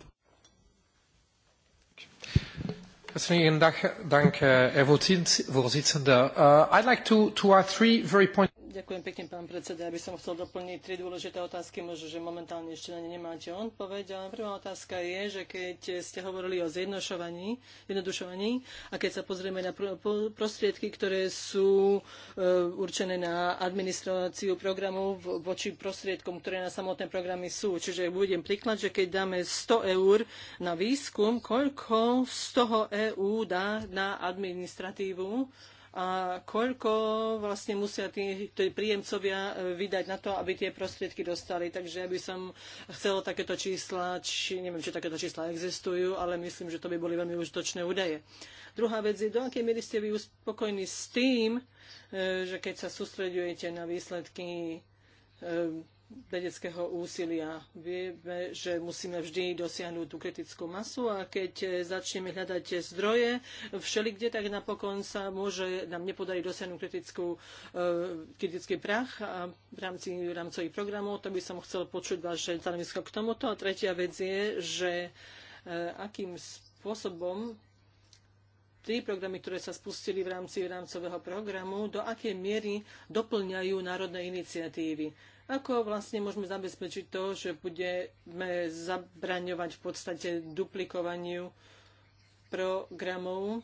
Herzlichen Dank, Herr eh, Vorsitzender. Eh, I'd like to, to add three very points. Ďakujem pekne, pán predseda. Ja by som chcel doplniť tri dôležité otázky, možno, že momentálne ešte na ne nemáte odpoveď, ale prvá otázka je, že keď ste hovorili o zjednošovaní, jednodušovaní a keď sa pozrieme na prostriedky, ktoré sú e, určené na administráciu programu voči prostriedkom, ktoré na samotné programy sú. Čiže budem príklad, že keď dáme 100 eur na výskum, koľko z toho EÚ dá na administratívu a koľko vlastne musia tí, tí príjemcovia e, vydať na to, aby tie prostriedky dostali. Takže ja by som chcela takéto čísla, či neviem, či takéto čísla existujú, ale myslím, že to by boli veľmi užitočné údaje. Druhá vec je, do akej miery ste vy uspokojní s tým, e, že keď sa sústredujete na výsledky e, vedeckého úsilia. Vieme, že musíme vždy dosiahnuť tú kritickú masu a keď začneme hľadať zdroje všelikde, tak napokon sa môže nám nepodariť dosiahnuť kritickú, eh, kritický prach a v rámci rámcových programov. To by som chcel počuť vaše stanovisko k tomuto. A tretia vec je, že eh, akým spôsobom tri programy, ktoré sa spustili v rámci rámcového programu, do akej miery doplňajú národné iniciatívy ako vlastne môžeme zabezpečiť to, že budeme zabraňovať v podstate duplikovaniu programov?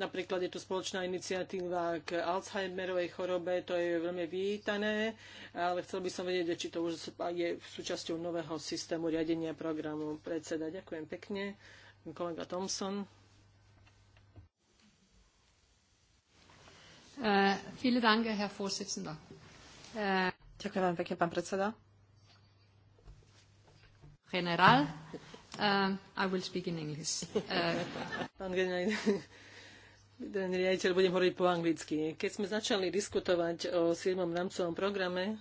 Napríklad je tu spoločná iniciatíva k Alzheimerovej chorobe, to je veľmi vítané, ale chcel by som vedieť, či to už je súčasťou nového systému riadenia programu predseda. Ďakujem pekne. Kolega Thompson. Uh, vielen Dank, Herr Vorsitzender. Uh... Ďakujem vám pekne, pán predseda. Generál, uh, I will speak in English. Uh... Pán generál, riaditeľ, budem hovoriť po anglicky. Keď sme začali diskutovať o 7. rámcovom programe,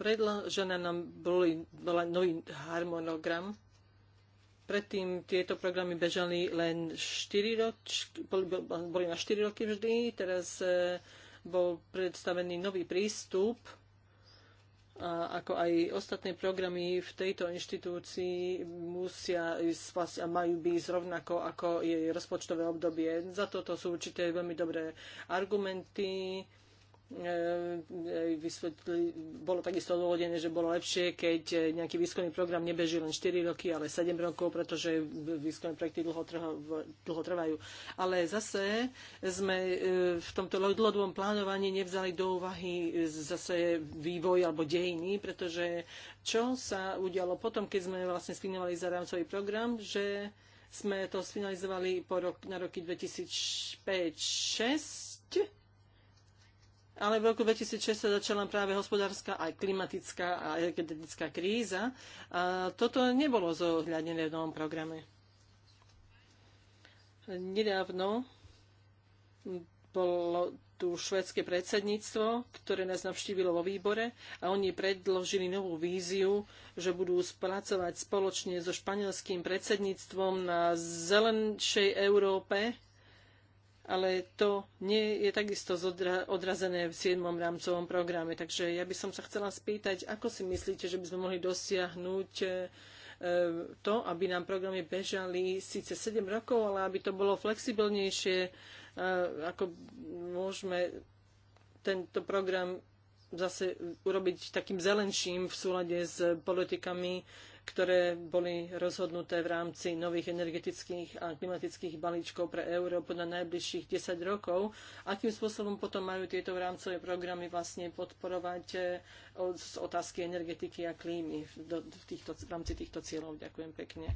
predložená nám boli, bola nový harmonogram. Predtým tieto programy bežali len 4 roč, boli, boli na 4 roky vždy, teraz e, bol predstavený nový prístup a ako aj ostatné programy v tejto inštitúcii musia ísť a majú byť rovnako ako jej rozpočtové obdobie. Za toto sú určite veľmi dobré argumenty. E, e, bolo takisto odôvodené, že bolo lepšie, keď e, nejaký výskumný program nebeží len 4 roky, ale 7 rokov, pretože výskumné projekty dlho, trho, dlho trvajú. Ale zase sme v tomto dlhodobom plánovaní nevzali do úvahy zase vývoj alebo dejiny, pretože čo sa udialo potom, keď sme vlastne sfinovali za rámcový program, že sme to sfinalizovali po rok, na roky 2005 2006 ale v roku 2006 sa začala práve hospodárska, aj klimatická a energetická kríza. A toto nebolo zohľadnené v novom programe. Nedávno bolo tu švedské predsedníctvo, ktoré nás navštívilo vo výbore a oni predložili novú víziu, že budú spracovať spoločne so španielským predsedníctvom na zelenšej Európe ale to nie je takisto odrazené v 7. rámcovom programe. Takže ja by som sa chcela spýtať, ako si myslíte, že by sme mohli dosiahnuť e, to, aby nám programy bežali síce 7 rokov, ale aby to bolo flexibilnejšie, e, ako môžeme tento program zase urobiť takým zelenším v súlade s politikami ktoré boli rozhodnuté v rámci nových energetických a klimatických balíčkov pre Európu na najbližších 10 rokov. Akým spôsobom potom majú tieto rámcové programy vlastne podporovať e, z otázky energetiky a klímy v, týchto, v rámci týchto cieľov? Ďakujem pekne.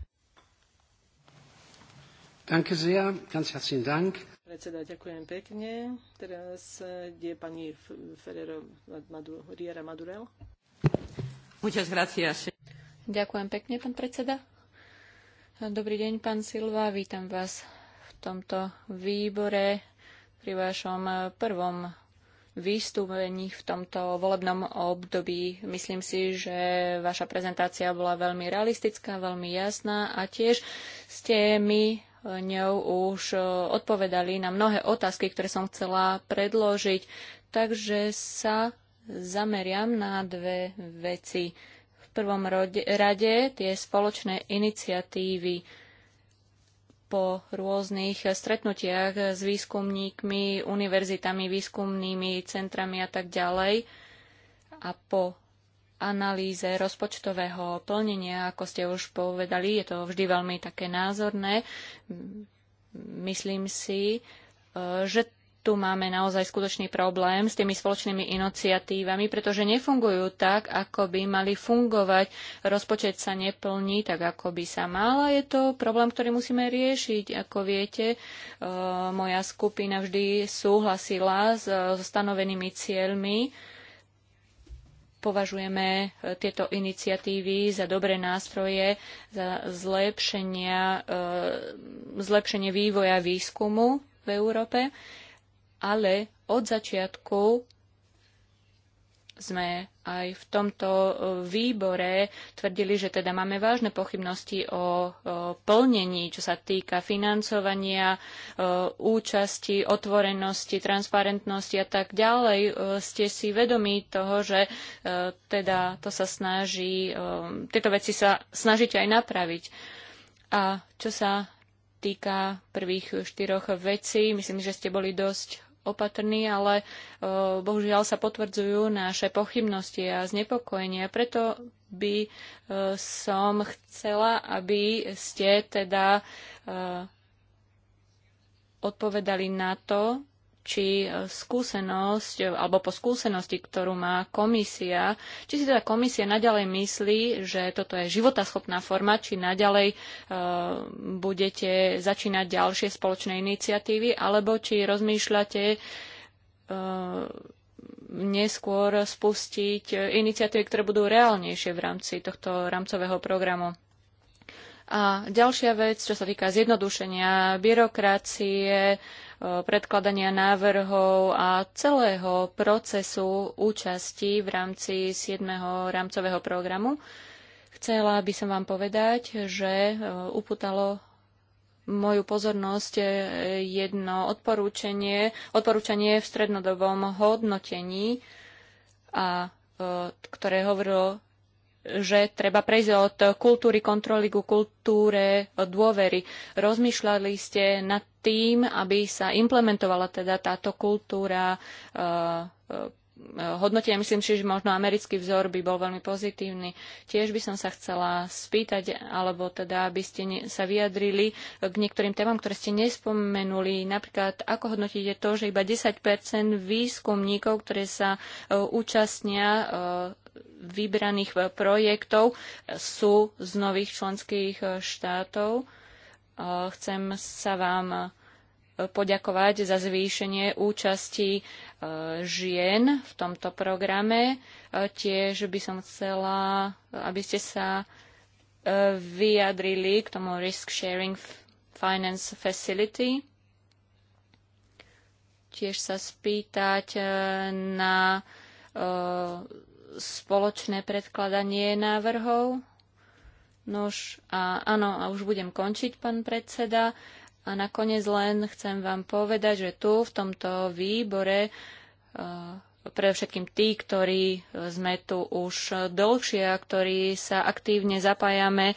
Danke sehr, ganz herzlichen Dank. Predseda, ďakujem pekne. Teraz je pani Ferrero Riera Madurel. Muchas gracias, Ďakujem pekne, pán predseda. Dobrý deň, pán Silva. Vítam vás v tomto výbore pri vašom prvom výstupení v tomto volebnom období. Myslím si, že vaša prezentácia bola veľmi realistická, veľmi jasná a tiež ste mi ňou už odpovedali na mnohé otázky, ktoré som chcela predložiť. Takže sa zameriam na dve veci prvom rade tie spoločné iniciatívy po rôznych stretnutiach s výskumníkmi, univerzitami, výskumnými centrami a tak ďalej a po analýze rozpočtového plnenia, ako ste už povedali, je to vždy veľmi také názorné. Myslím si, e, že tu máme naozaj skutočný problém s tými spoločnými iniciatívami, pretože nefungujú tak, ako by mali fungovať. Rozpočet sa neplní tak, ako by sa mal a je to problém, ktorý musíme riešiť. Ako viete, e, moja skupina vždy súhlasila so stanovenými cieľmi. Považujeme e, tieto iniciatívy za dobré nástroje, za zlepšenia, e, zlepšenie vývoja výskumu v Európe ale od začiatku sme aj v tomto e, výbore tvrdili, že teda máme vážne pochybnosti o plnení, čo sa týka financovania, e, účasti, otvorenosti, transparentnosti a tak ďalej. E, ste si vedomí toho, že teda to sa snaží, tieto veci sa snažíte aj napraviť. A čo sa týka prvých štyroch vecí, myslím, že ste boli dosť opatrní, ale e, bohužiaľ sa potvrdzujú naše pochybnosti a znepokojenia. Preto by e, som chcela, aby ste teda e, odpovedali na to, či e, skúsenosť, e, alebo po skúsenosti, ktorú má komisia, či si teda komisia naďalej myslí, že toto je životaschopná forma, či naďalej uh, budete začínať ďalšie spoločné iniciatívy, alebo či rozmýšľate uh, neskôr spustiť iniciatívy, ktoré budú reálnejšie v rámci tohto rámcového programu. A ďalšia vec, čo sa týka zjednodušenia byrokracie, predkladania návrhov a celého procesu účasti v rámci 7. rámcového programu. Chcela by som vám povedať, že uputalo moju pozornosť e, jedno odporúčanie, odporúčanie v strednodobom hodnotení, a, ktoré hovorilo že treba prejsť od kultúry kontroly ku kultúre dôvery. Rozmýšľali ste nad tým, aby sa implementovala teda táto kultúra e, e, hodnotenia. Myslím si, že možno americký vzor by bol veľmi pozitívny. Tiež by som sa chcela spýtať, alebo teda, aby ste sa vyjadrili k niektorým témam, ktoré ste nespomenuli. Napríklad, ako hodnotíte to, že iba 10 výskumníkov, ktoré sa e, účastnia vybraných projektov sú z nových členských štátov. Chcem sa vám poďakovať za zvýšenie účasti e, žien v tomto programe. E, tiež by som chcela, aby ste sa e, vyjadrili k tomu Risk Sharing Finance Facility. Tiež sa spýtať na spoločné predkladanie návrhov. Nož a áno, a už budem končiť, pán predseda. A nakoniec len chcem vám povedať, že tu v tomto výbore e, pre všetkým tí, ktorí e, sme tu už dlhšie a ktorí sa aktívne zapájame e,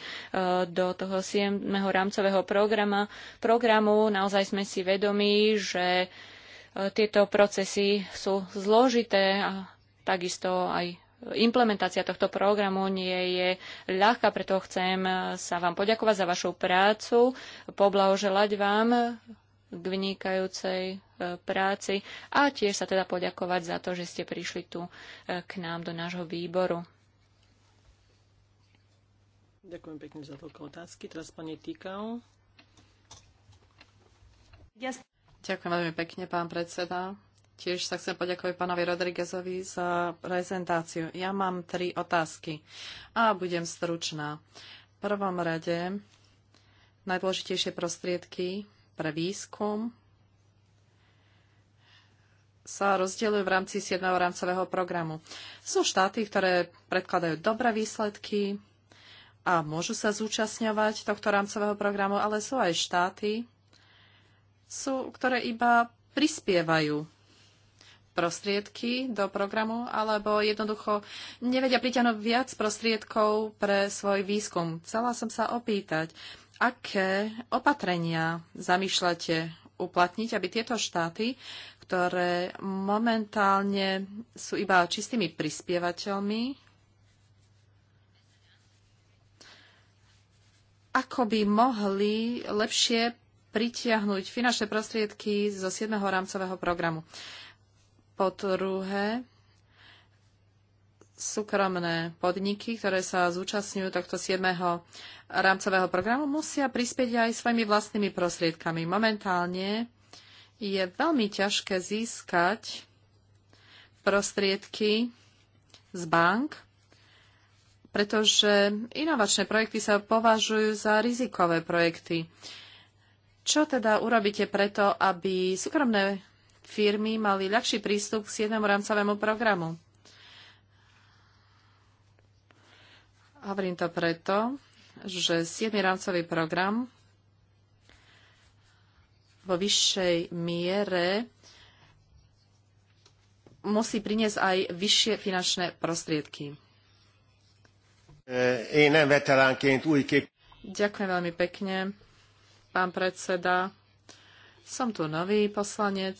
do toho 7. rámcového programa, programu. Naozaj sme si vedomí, že tieto procesy sú zložité a takisto aj implementácia tohto programu nie je ľahká, preto chcem sa vám poďakovať za vašu prácu, poblahoželať vám k vynikajúcej e, práci a tiež sa teda poďakovať za to, že ste prišli tu e, k nám do nášho výboru. Ďakujem pekne za toľko otázky. Teraz pani Týkal. Ďakujem veľmi pekne, pán predseda. Tiež sa chcem poďakovať pánovi Rodriguezovi za prezentáciu. Ja mám tri otázky a budem stručná. V prvom rade najdôležitejšie prostriedky pre výskum sa rozdielujú v rámci 7. rámcového programu. Sú štáty, ktoré predkladajú dobré výsledky a môžu sa zúčastňovať tohto rámcového programu, ale sú aj štáty, sú, ktoré iba prispievajú prostriedky do programu, alebo jednoducho nevedia priťahnuť viac prostriedkov pre svoj výskum. Chcela som sa opýtať, aké opatrenia zamýšľate uplatniť, aby tieto štáty, ktoré momentálne sú iba čistými prispievateľmi, ako by mohli lepšie pritiahnuť finančné prostriedky zo 7. rámcového programu. Uh, po druhé, súkromné podniky, ktoré sa zúčastňujú tohto 7. rámcového programu, musia prispieť aj svojimi vlastnými prostriedkami. Momentálne je veľmi ťažké získať prostriedky z bank, pretože inovačné projekty sa považujú za rizikové projekty. Čo teda urobíte preto, aby súkromné firmy mali ľahší prístup k 7. rámcovému programu. Hovorím to preto, že 7. rámcový program vo vyššej miere musí priniesť aj vyššie finančné prostriedky. Eh, Ďakujem veľmi pekne, pán predseda. Som tu nový poslanec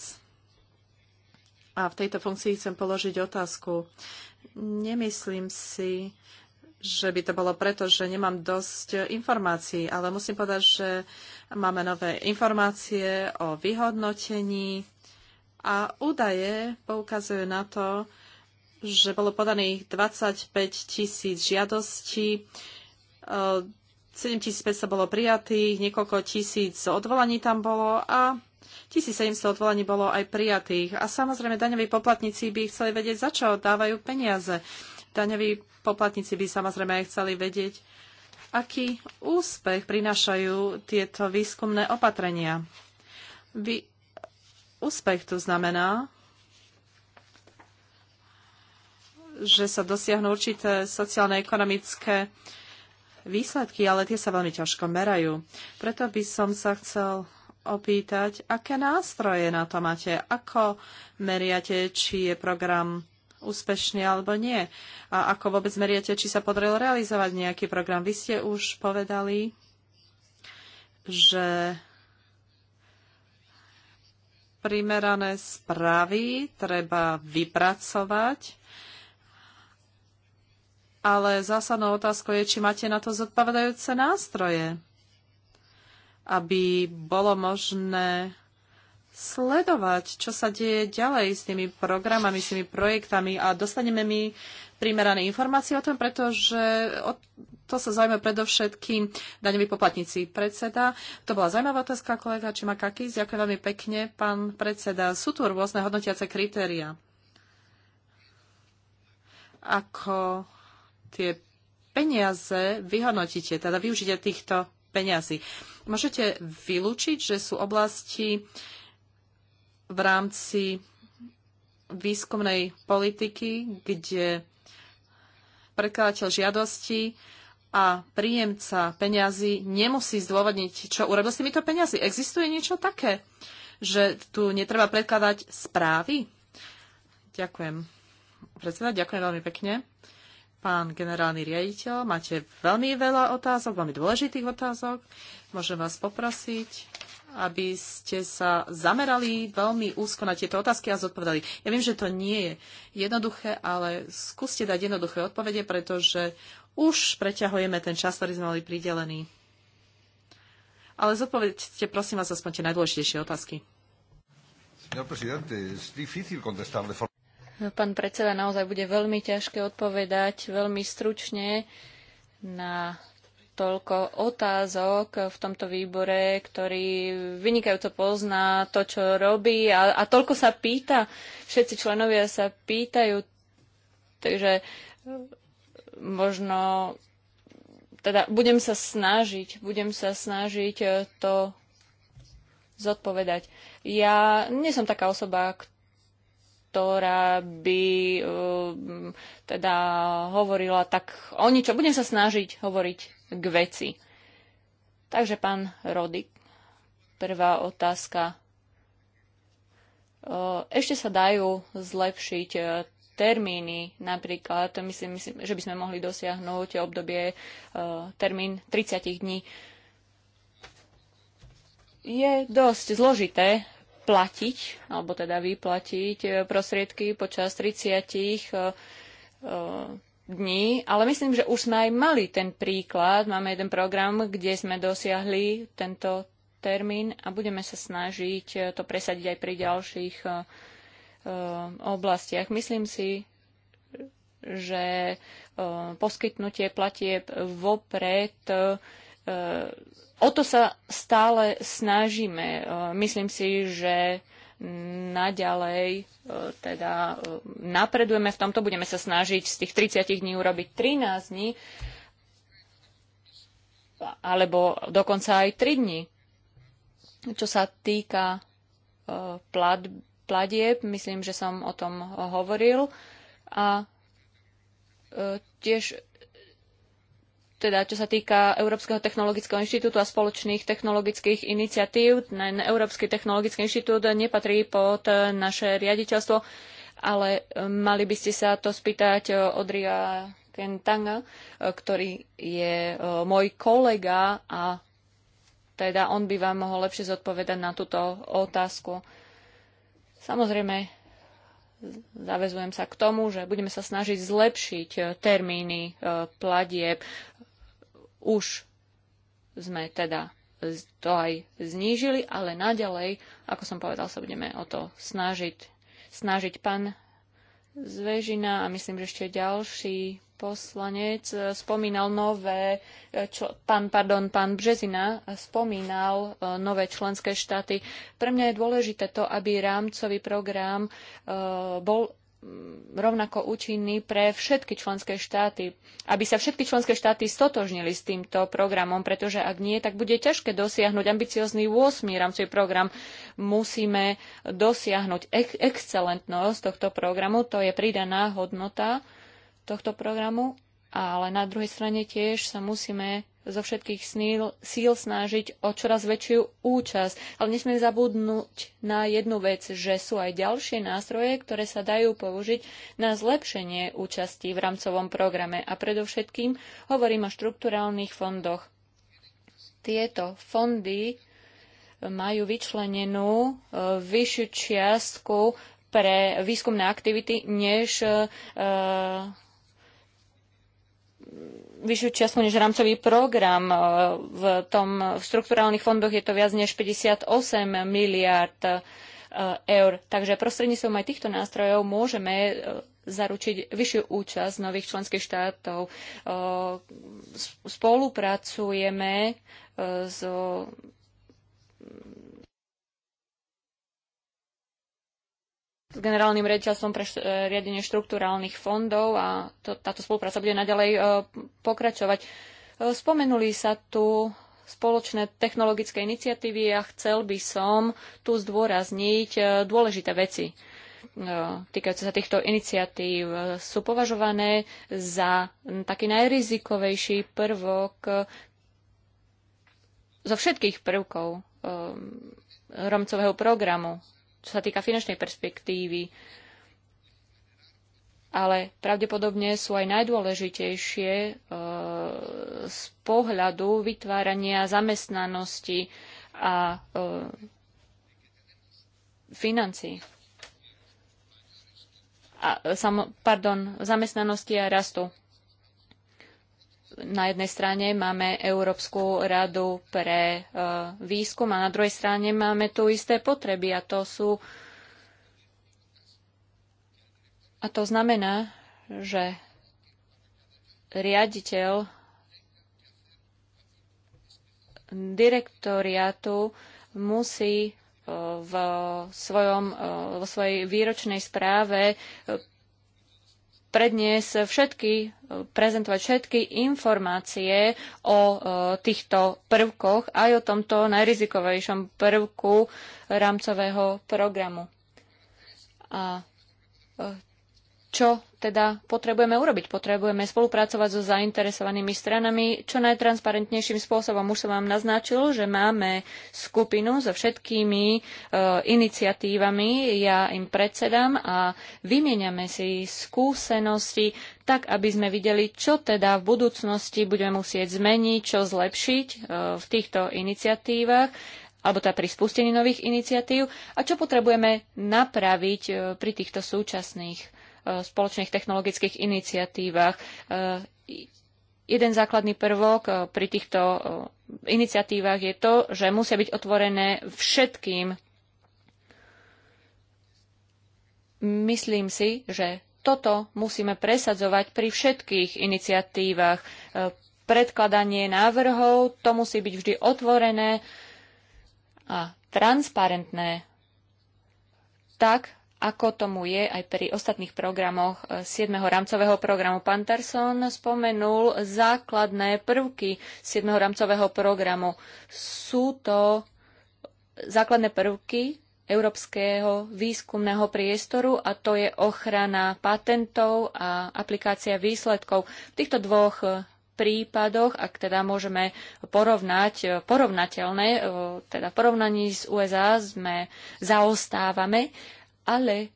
a v tejto funkcii chcem položiť otázku. Nemyslím si, že by to bolo preto, že nemám dosť informácií, ale musím povedať, že máme nové informácie o vyhodnotení a údaje poukazujú na to, že bolo podaných 25 tisíc žiadostí, 7 e, tisíc bolo prijatých, niekoľko tisíc odvolaní tam bolo a 1700 odvolaní bolo aj prijatých. A samozrejme, daňoví poplatníci by chceli vedieť, za čo dávajú peniaze. Daňoví poplatníci by samozrejme aj chceli vedieť, aký úspech prinášajú tieto výskumné opatrenia. Vy... Úspech tu znamená, že sa dosiahnu určité sociálne-ekonomické výsledky, ale tie sa veľmi ťažko merajú. Preto by som sa chcel opýtať, aké nástroje na to máte, ako meriate, či je program úspešný alebo nie a ako vôbec meriate, či sa podarilo realizovať nejaký program. Vy ste už povedali, že primerané správy treba vypracovať, ale zásadnou otázkou je, či máte na to zodpovedajúce nástroje aby bolo možné sledovať, čo sa deje ďalej s tými programami, s tými projektami a dostaneme my primerané informácie o tom, pretože o to sa zaujíma predovšetkým daňoví poplatníci predseda. To bola zaujímavá otázka kolega Čimakakis. Ďakujem veľmi pekne, pán predseda. Sú tu rôzne hodnotiace kritéria. Ako tie peniaze vyhodnotíte, teda využite týchto peňazí. Môžete vylúčiť, že sú oblasti v rámci výskumnej politiky, kde predkladateľ žiadosti a príjemca peňazí nemusí zdôvodniť, čo urobil s týmito peňazí. Existuje niečo také, že tu netreba predkladať správy? Ďakujem. Predseda, ďakujem veľmi pekne. Pán generálny riaditeľ, máte veľmi veľa otázok, veľmi dôležitých otázok. Môžem vás poprosiť, aby ste sa zamerali veľmi úzko na tieto otázky a zodpovedali. Ja viem, že to nie je jednoduché, ale skúste dať jednoduché odpovede, pretože už preťahujeme ten čas, ktorý sme mali pridelený. Ale zodpovedzte, prosím vás, aspoň tie najdôležitejšie otázky. Señor presidente, es difícil contestarle Pán predseda, naozaj bude veľmi ťažké odpovedať veľmi stručne na toľko otázok v tomto výbore, ktorý vynikajúco pozná to, čo robí a, a toľko sa pýta. Všetci členovia sa pýtajú, takže možno teda budem sa snažiť, budem sa snažiť to zodpovedať. Ja nie som taká osoba, ktorá ktorá by eh, teda hovorila tak o ničom. Budem sa snažiť hovoriť k veci. Takže pán Rodik, prvá otázka. Eh, ešte sa dajú zlepšiť eh, termíny napríklad, myslím, myslím, že by sme mohli dosiahnuť obdobie termín 30 dní. Je dosť zložité platiť, alebo teda vyplatiť e, prostriedky počas 30 e, e, dní, ale myslím, že už sme aj mali ten príklad. Máme jeden program, kde sme dosiahli tento termín a budeme sa snažiť to presadiť aj pri ďalších oblastiach. Myslím si, že poskytnutie platieb vopred o to sa stále snažíme. E, myslím si, že naďalej e, teda e, napredujeme v tomto. Budeme sa snažiť z tých 30 dní urobiť 13 dní alebo dokonca aj 3 dní. Čo sa týka plat, platieb, myslím, že som o tom hovoril. A tiež teda čo sa týka Európskeho technologického inštitútu a spoločných technologických iniciatív. Ten Európsky technologický inštitút nepatrí pod naše riaditeľstvo, ale e, mali by ste sa to spýtať e, Odria Kentanga, e, ktorý je môj kolega a teda on by vám mohol lepšie zodpovedať na túto otázku. Samozrejme, zavezujem sa k tomu, že budeme sa snažiť zlepšiť termíny platieb. Už sme teda to aj znížili, ale naďalej, ako som povedal, sa budeme o to snažiť. Snažiť pán Zvežina a myslím, že ešte ďalší poslanec e, spomínal nové, e, čo, pán, pardon, pán Březina spomínal e, nové členské štáty. Pre mňa je dôležité to, aby rámcový program bol Mm, rovnako účinný pre všetky členské štáty, aby sa všetky členské štáty stotožnili s týmto programom, pretože ak nie, tak bude ťažké dosiahnuť ambiciózny 8. rámcový program. Musíme dosiahnuť ek- excelentnosť tohto programu, to je pridaná hodnota tohto programu, ale na druhej strane tiež sa musíme zo všetkých síl snažiť o čoraz väčšiu účasť. Ale nesmieme zabudnúť na jednu vec, že sú aj ďalšie nástroje, ktoré sa dajú použiť na zlepšenie účasti v rámcovom programe. A predovšetkým hovorím o štrukturálnych fondoch. Tieto fondy majú vyčlenenú e, vyššiu čiastku pre výskumné aktivity, než e, vyššiu čiastku než rámcový program. E, v, tom, v štruktúrálnych fondoch je to viac než 58 miliard e, eur. Takže prostredníctvom aj týchto nástrojov môžeme e, zaručiť vyššiu účasť nových členských štátov. Spolupracujeme s so s generálnym rediteľstvom pre e, riadenie štruktúrálnych fondov a to, táto spolupráca bude naďalej e, pokračovať. E, spomenuli sa tu spoločné technologické iniciatívy a chcel by som tu zdôrazniť dôležité veci týkajúce sa týchto iniciatív sú považované za taký najrizikovejší prvok zo všetkých prvkov romcového programu čo sa týka finančnej perspektívy. Ale pravdepodobne sú aj najdôležitejšie e, z pohľadu vytvárania zamestnanosti a e, financí. A, e, pardon, zamestnanosti a rastu na jednej strane máme Európsku radu pre e, výskum a na druhej strane máme tu isté potreby a to sú a to znamená, že riaditeľ direktoriátu musí e, v svojom, e, vo svojej výročnej správe predniesť všetky, prezentovať všetky informácie o e, týchto prvkoch aj o tomto najrizikovejšom prvku rámcového programu. A e, čo teda potrebujeme urobiť. Potrebujeme spolupracovať so zainteresovanými stranami čo najtransparentnejším spôsobom. Už som vám naznačil, že máme skupinu so všetkými e, iniciatívami. Ja im predsedám a vymieňame si skúsenosti tak, aby sme videli, čo teda v budúcnosti budeme musieť zmeniť, čo zlepšiť e, v týchto iniciatívach alebo teda pri spustení nových iniciatív a čo potrebujeme napraviť e, pri týchto súčasných spoločných technologických iniciatívach. E, jeden základný prvok e, pri týchto e, iniciatívach je to, že musia byť otvorené všetkým. Myslím si, že toto musíme presadzovať pri všetkých iniciatívach. Predkladanie návrhov, to musí byť vždy otvorené a transparentné, tak, ako tomu je aj pri ostatných programoch 7. E, rámcového programu. Terson spomenul základné prvky 7. rámcového programu. Sú to základné prvky európskeho výskumného priestoru a to je ochrana patentov a aplikácia výsledkov. V týchto dvoch e, prípadoch, ak teda môžeme porovnať e, porovnateľné, teda v porovnaní s USA sme zaostávame ale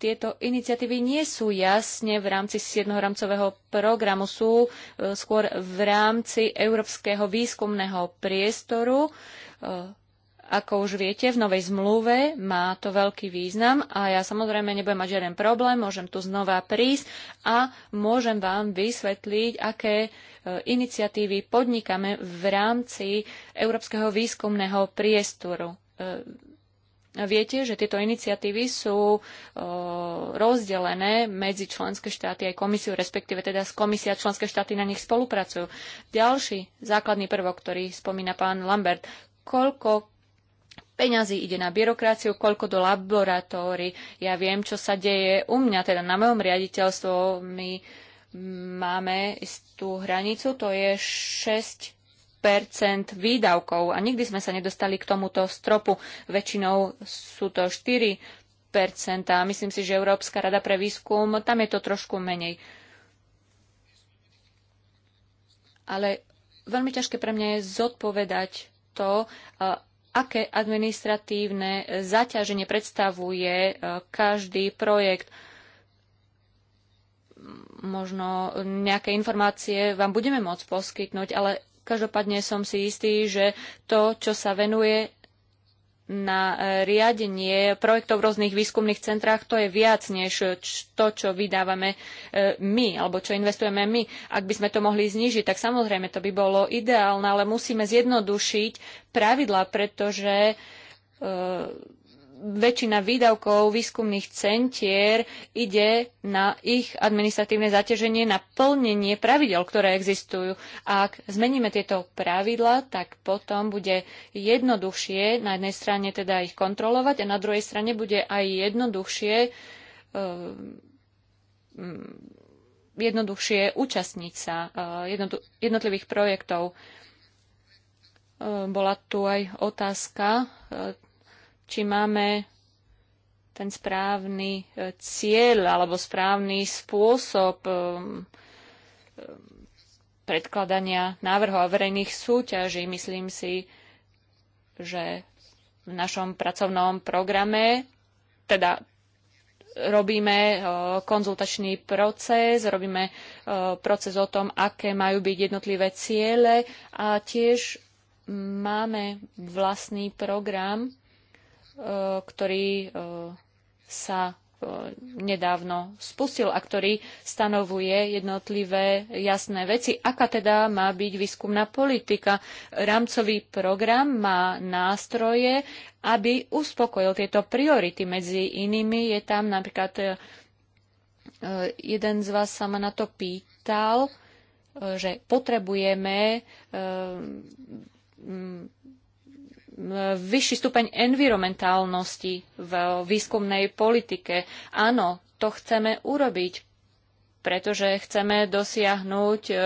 tieto iniciatívy nie sú jasne v rámci 7. rámcového programu, sú e, skôr v rámci európskeho výskumného priestoru. E, ako už viete, v novej zmluve má to veľký význam a ja samozrejme nebudem mať žiaden problém, môžem tu znova prísť a môžem vám vysvetliť, aké e, iniciatívy podnikame v rámci Európskeho výskumného priestoru Viete, že tieto iniciatívy sú rozdelené medzi členské štáty aj komisiu, respektíve teda komisia členské štáty na nich spolupracujú. Ďalší základný prvok, ktorý spomína pán Lambert, koľko peňazí ide na byrokraciu, koľko do laboratórií. Ja viem, čo sa deje u mňa, teda na mojom riaditeľstvo, My máme istú hranicu, to je 6 výdavkov a nikdy sme sa nedostali k tomuto stropu. Väčšinou sú to 4 a myslím si, že Európska rada pre výskum, tam je to trošku menej. Ale veľmi ťažké pre mňa je zodpovedať to, aké administratívne zaťaženie predstavuje každý projekt. Možno nejaké informácie vám budeme môcť poskytnúť, ale Každopádne som si istý, že to, čo sa venuje na e, riadenie projektov v rôznych výskumných centrách, to je viac než to, čo vydávame e, my, alebo čo investujeme my. Ak by sme to mohli znížiť, tak samozrejme to by bolo ideálne, ale musíme zjednodušiť pravidla, pretože e, väčšina výdavkov výskumných centier ide na ich administratívne zaťaženie, na plnenie pravidel, ktoré existujú. A ak zmeníme tieto pravidla, tak potom bude jednoduchšie na jednej strane teda ich kontrolovať a na druhej strane bude aj jednoduchšie ehm, jednoduchšie účastniť sa ehm, jednotlivých projektov. Ehm, bola tu aj otázka či máme ten správny e, cieľ alebo správny spôsob e, e, predkladania návrhov a verejných súťaží. Myslím si, že v našom pracovnom programe teda robíme konzultačný proces, robíme proces o tom, aké majú byť jednotlivé ciele a tiež máme vlastný program Eh, ktorý eh, sa eh, nedávno spustil a ktorý stanovuje jednotlivé jasné veci. Aká teda má byť výskumná politika? Rámcový program má nástroje, aby uspokojil tieto priority. Medzi inými je tam napríklad jeden z vás sa ma na to pýtal, že potrebujeme vyšší stupeň environmentálnosti v výskumnej politike. Áno, to chceme urobiť, pretože chceme dosiahnuť e,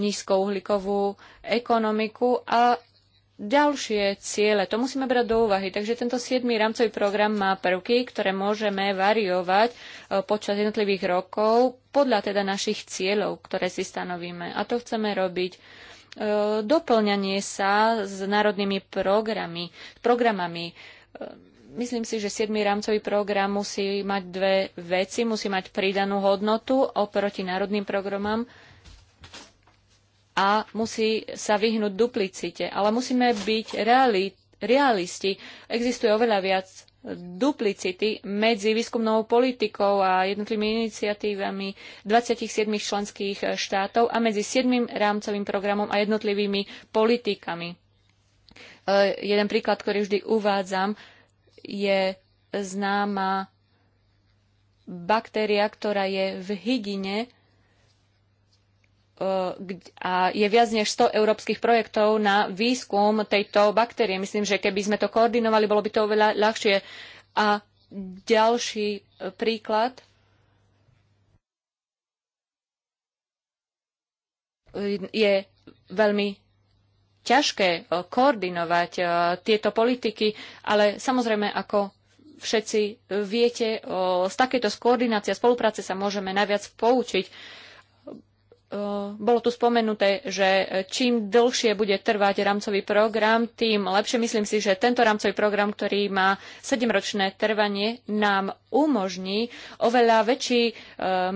nízkouhlíkovú ekonomiku a ďalšie ciele. To musíme brať do úvahy. Takže tento 7. rámcový program má prvky, ktoré môžeme variovať e, počas jednotlivých rokov podľa teda našich cieľov, ktoré si stanovíme. A to chceme robiť E, doplňanie sa s národnými programy, programami. E, myslím si, že 7. rámcový program musí mať dve veci. Musí mať pridanú hodnotu oproti národným programom a musí sa vyhnúť duplicite. Ale musíme byť reali- realisti. Existuje oveľa viac duplicity medzi výskumnou politikou a jednotlivými iniciatívami 27 členských štátov a medzi 7. rámcovým programom a jednotlivými politikami. E, jeden príklad, ktorý vždy uvádzam, je známa baktéria, ktorá je v hydine Eh, a je viac než 100 európskych projektov na výskum tejto baktérie. Myslím, že keby sme to koordinovali, bolo by to oveľa ľahšie. A ďalší eh, príklad. Je veľmi ťažké eh, koordinovať tieto politiky, ale samozrejme, ako všetci viete, z takéto skoordinácie a spolupráce sa môžeme najviac poučiť. Eh, bolo tu spomenuté, že čím dlhšie bude trvať rámcový program, tým lepšie. Myslím si, že tento rámcový program, ktorý má 7-ročné trvanie, nám umožní oveľa väčší eh,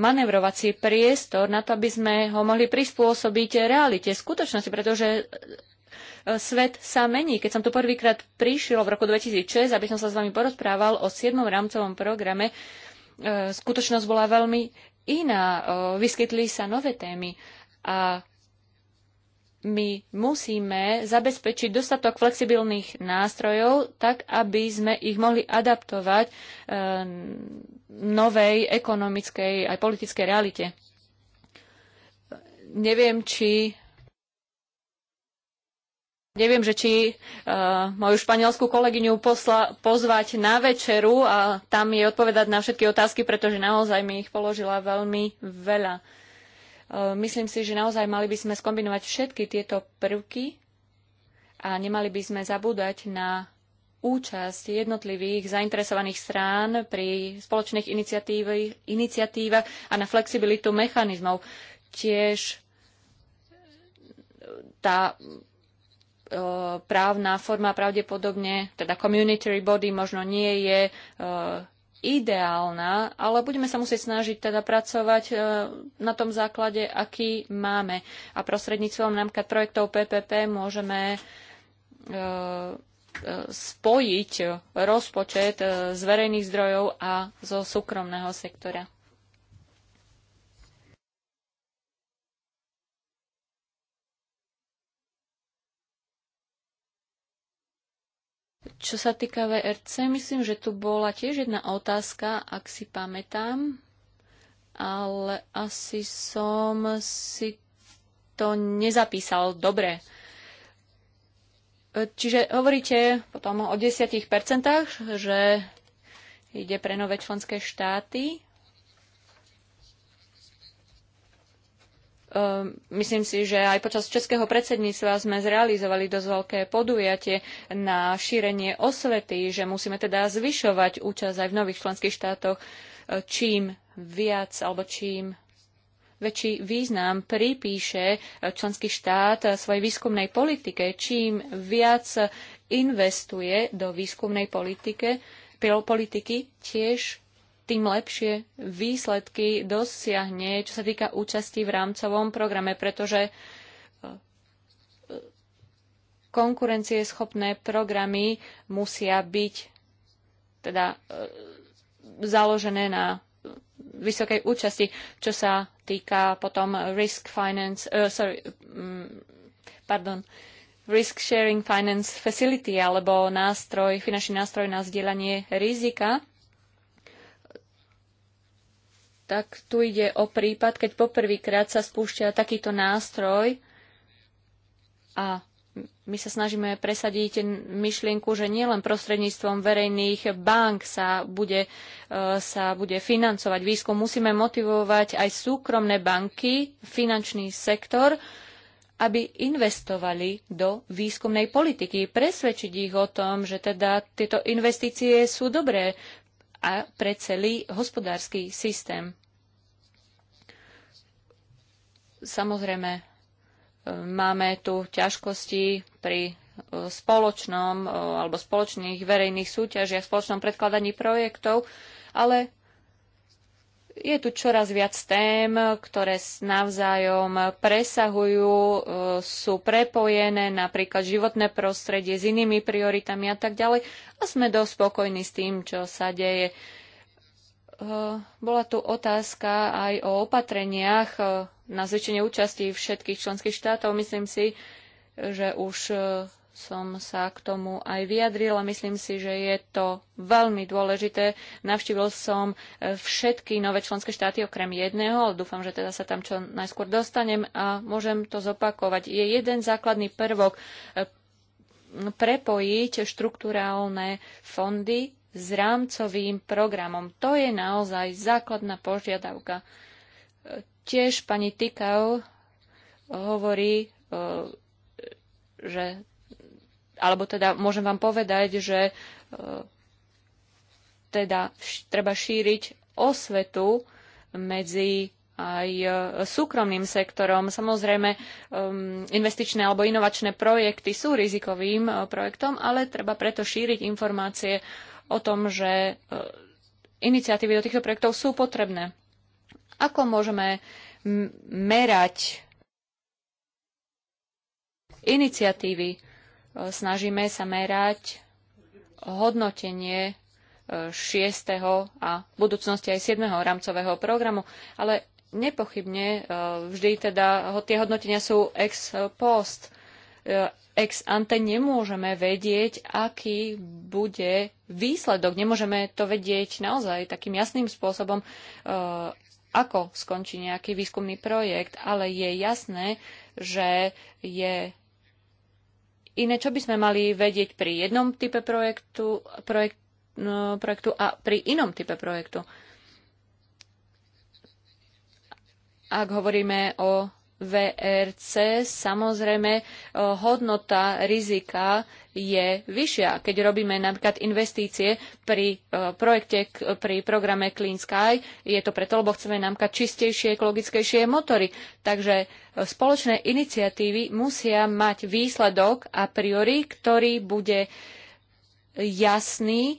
manevrovací priestor na to, aby sme ho mohli prispôsobiť realite, skutočnosti, pretože eh, svet sa mení. Keď som tu prvýkrát prišiel v roku 2006, aby som sa s vami porozprával o 7. rámcovom programe, skutočnosť bola veľmi iná, vyskytli sa nové témy a my musíme zabezpečiť dostatok flexibilných nástrojov, tak aby sme ich mohli adaptovať e, novej ekonomickej aj politickej realite. Neviem, či Neviem, že či uh, e, moju španielskú kolegyňu posla, pozvať na večeru a tam je odpovedať na všetky otázky, pretože naozaj mi ich položila veľmi veľa. Uh, myslím si, že naozaj mali by sme skombinovať všetky tieto prvky a nemali by sme zabúdať na účasť jednotlivých zainteresovaných strán pri spoločných iniciatívach a na flexibilitu mechanizmov. Tiež tá E, právna forma pravdepodobne, teda community body možno nie je e, ideálna, ale budeme sa musieť snažiť teda pracovať e, na tom základe, aký máme. A prostredníctvom napríklad projektov PPP môžeme spojiť rozpočet z verejných zdrojov a zo súkromného sektora. Čo sa týka VRC, myslím, že tu bola tiež jedna otázka, ak si pamätám, ale asi som si to nezapísal dobre. E, čiže hovoríte potom o 10%, že ide pre nové členské štáty Ehm, myslím si, že aj počas českého predsedníctva sme zrealizovali dosť veľké podujatie na šírenie osvety, že musíme teda zvyšovať účasť aj v nových členských štátoch e, čím viac alebo čím väčší význam pripíše e, členský štát e, svojej výskumnej politike, čím viac investuje do výskumnej politike, politiky, tiež tým lepšie výsledky dosiahne, čo sa týka účasti v rámcovom programe, pretože e, e, konkurencieschopné programy musia byť teda e, založené na vysokej účasti, čo sa týka potom risk finance, uh, sorry, mm, pardon, risk sharing finance facility alebo nástroj, finančný nástroj na zdieľanie rizika tak tu ide o prípad, keď poprvýkrát sa spúšťa takýto nástroj a my sa snažíme presadiť myšlienku, že nielen prostredníctvom verejných bank sa bude, e, sa bude financovať výskum. Musíme motivovať aj súkromné banky, finančný sektor, aby investovali do výskumnej politiky, presvedčiť ich o tom, že teda tieto investície sú dobré a pre celý hospodársky systém. Samozrejme, e, máme tu ťažkosti pri e, spoločnom e, alebo spoločných verejných súťažiach, spoločnom predkladaní projektov, ale je tu čoraz viac tém, ktoré navzájom presahujú, e, sú prepojené napríklad životné prostredie s inými prioritami a tak ďalej a sme dosť spokojní s tým, čo sa deje. E, bola tu otázka aj o opatreniach e, na zväčšenie účasti všetkých členských štátov. Myslím si, že už som sa k tomu aj vyjadrila. Myslím si, že je to veľmi dôležité. Navštívil som e, všetky nové členské štáty okrem jedného, ale dúfam, že teda sa tam čo najskôr dostanem a môžem to zopakovať. Je jeden základný prvok e, prepojiť štruktúrálne fondy s rámcovým programom. To je naozaj základná požiadavka. E, tiež pani Tikau hovorí že alebo teda môžem vám povedať, že e, teda treba šíriť osvetu medzi aj e, súkromným sektorom. Samozrejme, investičné alebo inovačné projekty sú rizikovým e, projektom, ale treba preto šíriť informácie o tom, že iniciatívy do týchto projektov sú potrebné. Ako môžeme merať iniciatívy E, snažíme sa merať hodnotenie 6. E, a v budúcnosti aj 7. rámcového programu, ale nepochybne e, vždy teda tie hodnotenia sú ex post. Ex ante nemôžeme vedieť, aký bude výsledok. Nemôžeme to vedieť naozaj takým jasným spôsobom, ako skončí nejaký výskumný projekt, ale je jasné, že je iné, čo by sme mali vedieť pri jednom type projektu, projekt, no, projektu a pri inom type projektu. Ak hovoríme o VRC samozrejme e, hodnota rizika je vyššia. Keď robíme napríklad investície pri e, projekte, pri programe Clean Sky, je to preto, lebo chceme napríklad čistejšie, ekologickejšie motory. Takže e, spoločné iniciatívy musia mať výsledok a priori, ktorý bude jasný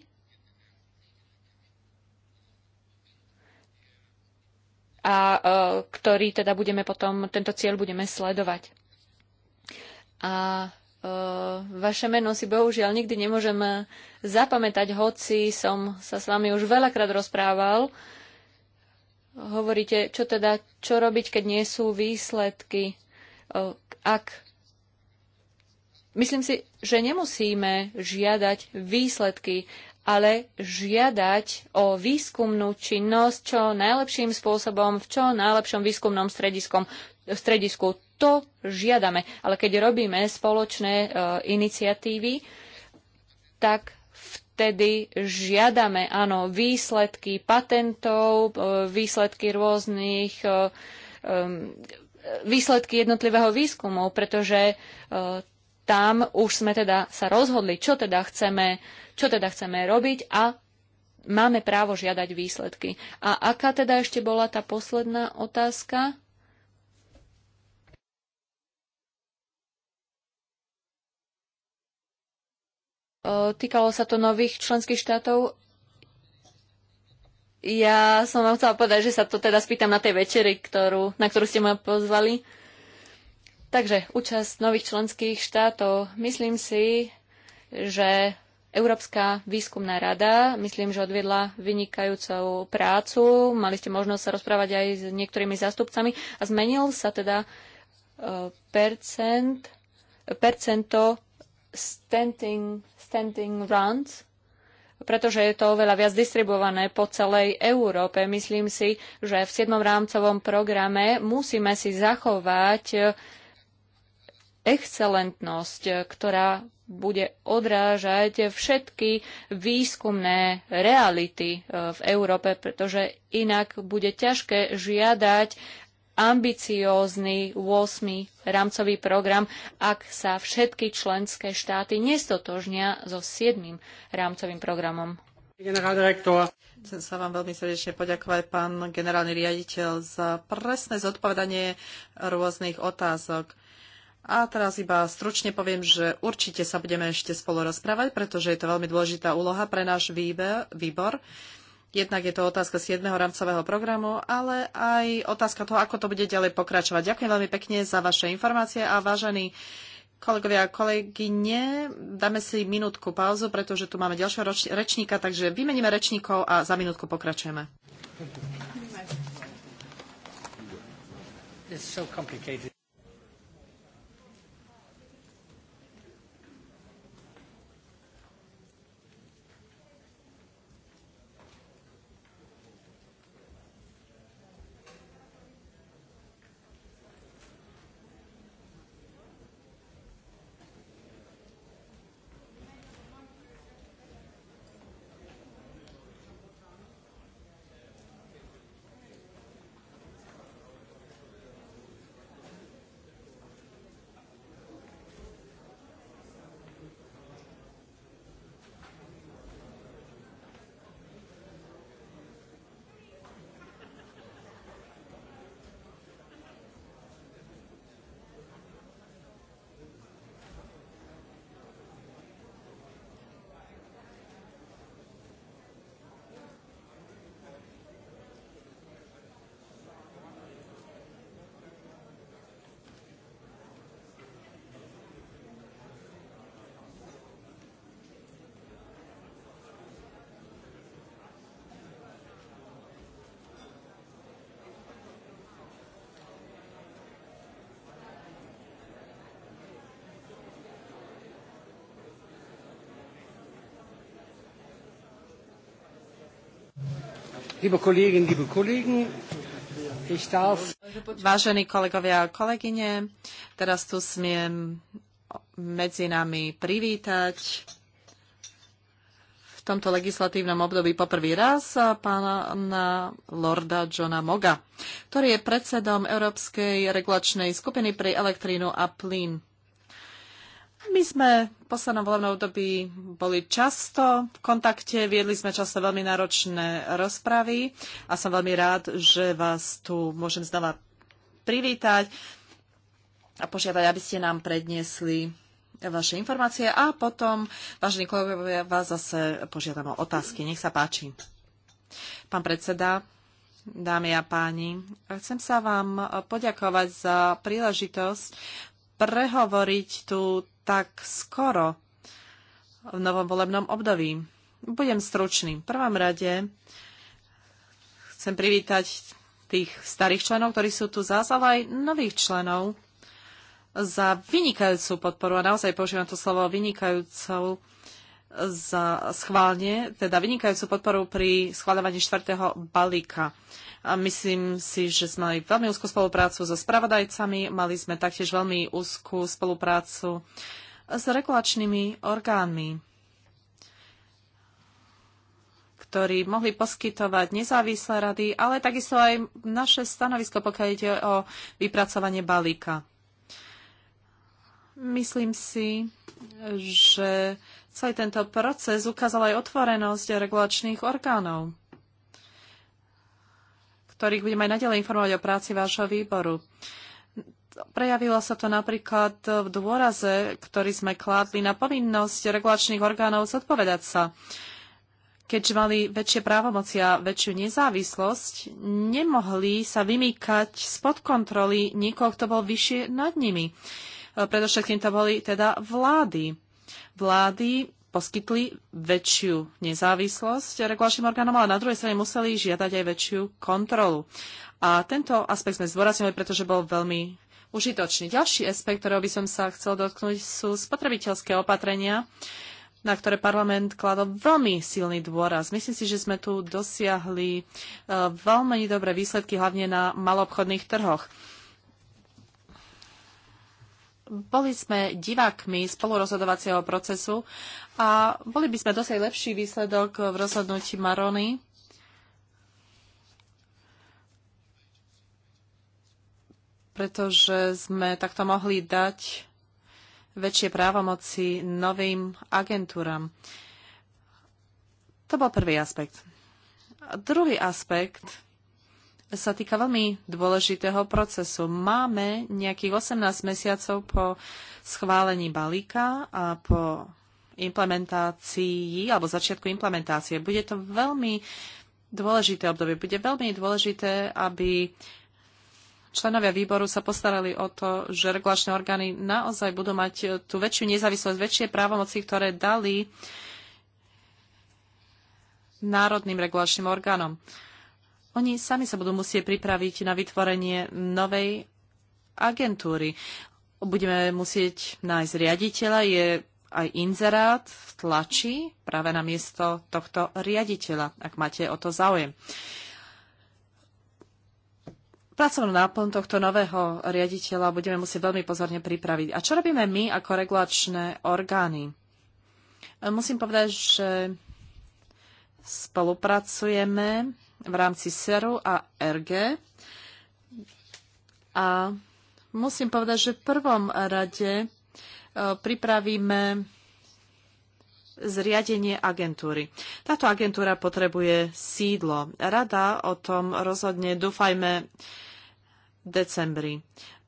a e, ktorý teda budeme potom, tento cieľ budeme sledovať. A e, vaše meno si bohužiaľ nikdy nemôžem zapamätať, hoci som sa s vami už veľakrát rozprával. Hovoríte, čo teda, čo robiť, keď nie sú výsledky. E, ak Myslím si, že nemusíme žiadať výsledky ale žiadať o výskumnú činnosť čo najlepším spôsobom, v čo najlepšom výskumnom strediskom, stredisku. To žiadame. Ale keď robíme spoločné e, iniciatívy, tak vtedy žiadame áno, výsledky patentov, e, výsledky rôznych. E, e, e výsledky jednotlivého výskumu, pretože e, tam už sme teda sa rozhodli, čo teda chceme, čo teda chceme robiť a máme právo žiadať výsledky. A aká teda ešte bola tá posledná otázka? Týkalo sa to nových členských štátov. Ja som vám chcela povedať, že sa to teda spýtam na tej večeri, ktorú, na ktorú ste ma pozvali. Takže účasť nových členských štátov. Myslím si, že Európska výskumná rada, myslím, že odviedla vynikajúcu prácu. Mali ste možnosť sa rozprávať aj s niektorými zástupcami a zmenil sa teda e, percent, percento standing, standing runs, pretože je to oveľa viac distribuované po celej Európe. Myslím si, že v 7. rámcovom programe musíme si zachovať excelentnosť, ktorá bude odrážať všetky výskumné reality e, v Európe, pretože inak bude ťažké žiadať ambiciózny 8. rámcový program, ak sa všetky členské štáty nestotožnia so 7. rámcovým programom. Chcem sa vám veľmi srdečne poďakovať, pán generálny riaditeľ, za presné zodpovedanie rôznych otázok. A teraz iba stručne poviem, že určite sa budeme ešte spolu rozprávať, pretože je to veľmi dôležitá úloha pre náš výbor. Jednak je to otázka 7. rámcového programu, ale aj otázka toho, ako to bude ďalej pokračovať. Ďakujem veľmi pekne za vaše informácie a vážení kolegovia a kolegyne, dáme si minútku pauzu, pretože tu máme ďalšieho rečníka, takže vymeníme rečníkov a za minútku pokračujeme. It's so complicated. Vážení kolegovia a kolegyne, teraz tu smiem medzi nami privítať v tomto legislatívnom období poprvý raz pána Lorda Johna Moga, ktorý je predsedom Európskej regulačnej skupiny pre elektrínu a plyn. My sme v poslednom volebnom období boli často v kontakte, viedli sme často veľmi náročné rozpravy a som veľmi rád, že vás tu môžem znova privítať a požiadať, aby ste nám predniesli vaše informácie a potom, vážení kolegovia, vás zase požiadam o otázky. Nech sa páči. Pán predseda, dámy a páni, chcem sa vám poďakovať za príležitosť prehovoriť tu tak skoro v novom volebnom období. Budem stručný. V prvom rade chcem privítať tých starých členov, ktorí sú tu zás, ale aj nových členov za vynikajúcu podporu. A naozaj používam to slovo vynikajúcou za schválne, teda vynikajúcu podporu pri schváľovaní štvrtého balíka. A myslím si, že sme mali veľmi úzkú spoluprácu so spravodajcami, mali sme taktiež veľmi úzkú spoluprácu s regulačnými orgánmi, ktorí mohli poskytovať nezávislé rady, ale takisto aj naše stanovisko, pokiaľ ide o vypracovanie balíka. Myslím si, že Celý tento proces ukázal aj otvorenosť regulačných orgánov, ktorých budeme aj nadalej informovať o práci vášho výboru. Prejavilo sa to napríklad v dôraze, ktorý sme kládli na povinnosť regulačných orgánov zodpovedať sa. Keďže mali väčšie právomoci a väčšiu nezávislosť, nemohli sa vymýkať spod kontroly nikoho, kto bol vyššie nad nimi. Predovšetkým to boli teda vlády. Vlády poskytli väčšiu nezávislosť regulačným orgánom, ale na druhej strane museli žiadať aj väčšiu kontrolu. A tento aspekt sme zdôraznili, pretože bol veľmi užitočný. Ďalší aspekt, ktorého by som sa chcel dotknúť, sú spotrebiteľské opatrenia, na ktoré parlament kladol veľmi silný dôraz. Myslím si, že sme tu dosiahli eh, veľmi dobré výsledky, hlavne na malobchodných trhoch boli sme divákmi spolurozhodovacieho procesu a boli by sme dosť lepší výsledok v rozhodnutí Marony. pretože sme takto mohli dať väčšie právomoci novým agentúram. To bol prvý aspekt. A druhý aspekt sa týka veľmi dôležitého procesu. Máme nejakých 18 mesiacov po schválení balíka a po implementácii alebo začiatku implementácie. Bude to veľmi dôležité obdobie. Bude veľmi dôležité, aby členovia výboru sa postarali o to, že regulačné orgány naozaj budú mať tú väčšiu nezávislosť, väčšie právomoci, ktoré dali národným regulačným orgánom. Oni sami sa budú musieť pripraviť na vytvorenie novej agentúry. Budeme musieť nájsť riaditeľa, je aj inzerát v tlači práve na miesto tohto riaditeľa, ak máte o to záujem. Pracovnú náplň tohto nového riaditeľa budeme musieť veľmi pozorne pripraviť. A čo robíme my ako regulačné orgány? Musím povedať, že spolupracujeme v rámci SERu a RG. A musím povedať, že v prvom rade e, pripravíme zriadenie agentúry. Táto agentúra potrebuje sídlo. Rada o tom rozhodne, dúfajme, v decembri.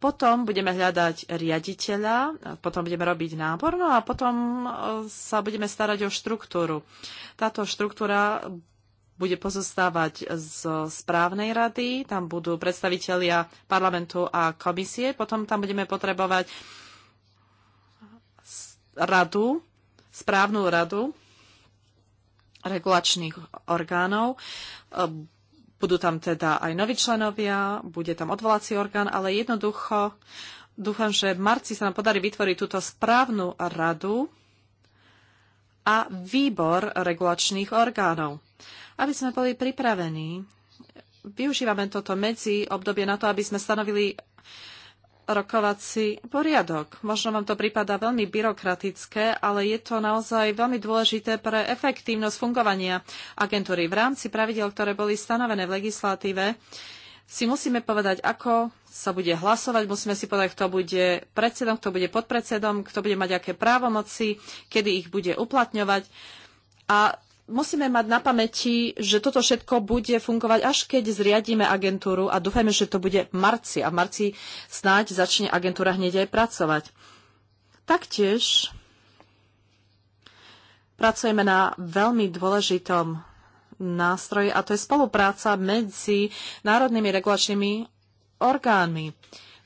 Potom budeme hľadať riaditeľa, potom budeme robiť nábor, no a potom e, sa budeme starať o štruktúru. Táto štruktúra bude pozostávať z správnej rady, tam budú predstavitelia parlamentu a komisie, potom tam budeme potrebovať radu, správnu radu regulačných orgánov. Budú tam teda aj noví členovia, bude tam odvolací orgán, ale jednoducho dúfam, že v marci sa nám podarí vytvoriť túto správnu radu a výbor regulačných orgánov aby sme boli pripravení. Využívame toto medzi obdobie na to, aby sme stanovili rokovací poriadok. Možno vám to prípada veľmi byrokratické, ale je to naozaj veľmi dôležité pre efektívnosť fungovania agentúry. V rámci pravidel, ktoré boli stanovené v legislatíve, si musíme povedať, ako sa bude hlasovať, musíme si povedať, kto bude predsedom, kto bude podpredsedom, kto bude mať aké právomoci, kedy ich bude uplatňovať. A musíme mať na pamäti, že toto všetko bude fungovať, až keď zriadíme agentúru a dúfajme, že to bude v marci. A v marci snáď začne agentúra hneď aj pracovať. Taktiež pracujeme na veľmi dôležitom nástroji a to je spolupráca medzi národnými regulačnými orgánmi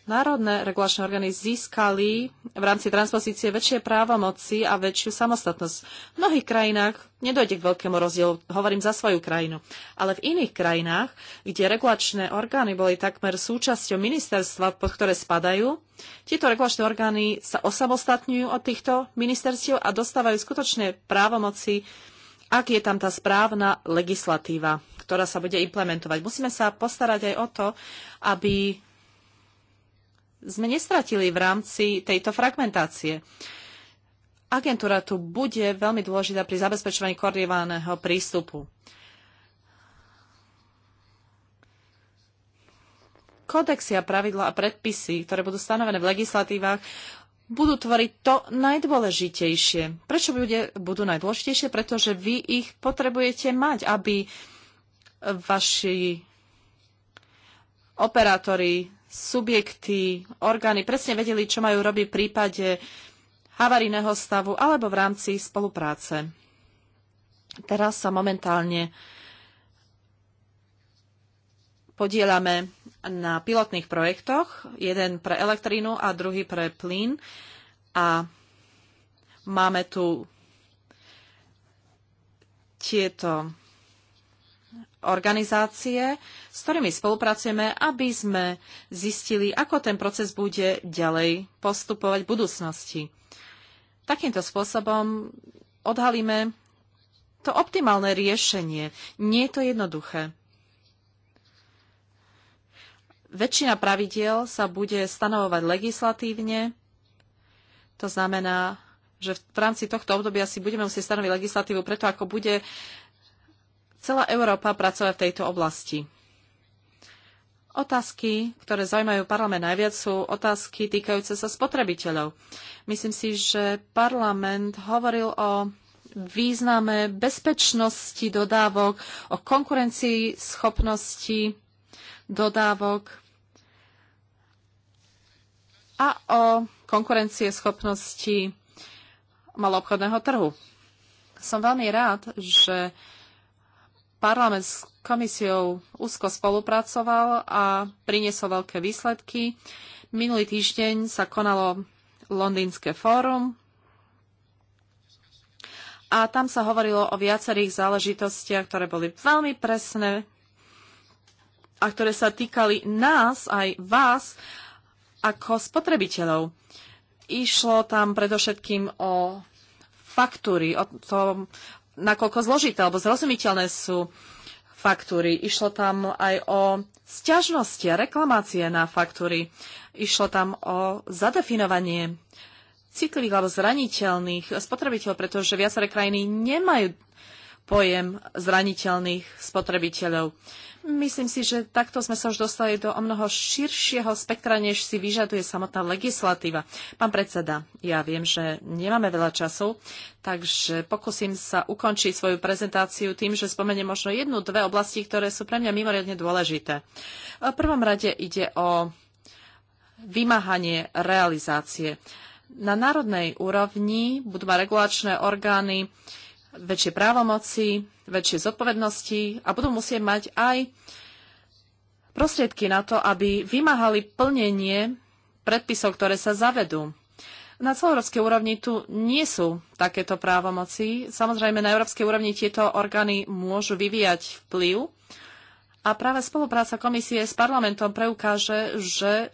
národné regulačné orgány získali v rámci transpozície väčšie právomoci a väčšiu samostatnosť. V mnohých krajinách nedojde k veľkému rozdielu, hovorím za svoju krajinu. Ale v iných krajinách, kde regulačné orgány boli takmer súčasťou ministerstva, pod ktoré spadajú, tieto regulačné orgány sa osamostatňujú od týchto ministerstiev a dostávajú skutočné právomoci, ak je tam tá správna legislatíva ktorá sa bude implementovať. Musíme sa postarať aj o to, aby sme nestratili v rámci tejto fragmentácie. Agentúra tu bude veľmi dôležitá pri zabezpečovaní koordinovaného prístupu. Kodexy a pravidla a predpisy, ktoré budú stanovené v legislatívach, budú tvoriť to najdôležitejšie. Prečo bude, budú najdôležitejšie? Pretože vy ich potrebujete mať, aby vaši operátori subjekty, orgány presne vedeli, čo majú robiť v prípade havarijného stavu alebo v rámci spolupráce. Teraz sa momentálne podielame na pilotných projektoch, jeden pre elektrínu a druhý pre plyn. A máme tu tieto organizácie, s ktorými spolupracujeme, aby sme zistili, ako ten proces bude ďalej postupovať v budúcnosti. Takýmto spôsobom odhalíme to optimálne riešenie. Nie je to jednoduché. Väčšina pravidiel sa bude stanovovať legislatívne, to znamená, že v rámci tohto obdobia si budeme musieť stanoviť legislatívu preto, ako bude celá Európa pracovať v tejto oblasti. Otázky, ktoré zaujímajú parlament najviac, sú otázky týkajúce sa spotrebiteľov. Myslím si, že parlament hovoril o význame bezpečnosti dodávok, o konkurencii schopnosti dodávok a o konkurencie schopnosti maloobchodného trhu. Som veľmi rád, že parlament s komisiou úzko spolupracoval a priniesol veľké výsledky. Minulý týždeň sa konalo Londýnske fórum a tam sa hovorilo o viacerých záležitostiach, ktoré boli veľmi presné a ktoré sa týkali nás, aj vás, ako spotrebiteľov. Išlo tam predovšetkým o faktúry, o, to, nakoľko zložité alebo zrozumiteľné sú faktúry. Išlo tam aj o sťažnosti a reklamácie na faktúry. Išlo tam o zadefinovanie citlivých alebo zraniteľných spotrebiteľov, pretože viaceré krajiny nemajú pojem zraniteľných spotrebiteľov. Myslím si, že takto sme sa už dostali do o mnoho širšieho spektra, než si vyžaduje samotná legislatíva. Pán predseda, ja viem, že nemáme veľa času, takže pokúsim sa ukončiť svoju prezentáciu tým, že spomeniem možno jednu, dve oblasti, ktoré sú pre mňa mimoriadne dôležité. V prvom rade ide o vymáhanie realizácie. Na národnej úrovni budú mať regulačné orgány väčšie právomoci, väčšie zodpovednosti a budú musieť mať aj prostriedky na to, aby vymáhali plnenie predpisov, ktoré sa zavedú. Na celoeurópskej úrovni tu nie sú takéto právomoci. Samozrejme, na európskej úrovni tieto orgány môžu vyvíjať vplyv a práve spolupráca komisie s parlamentom preukáže, že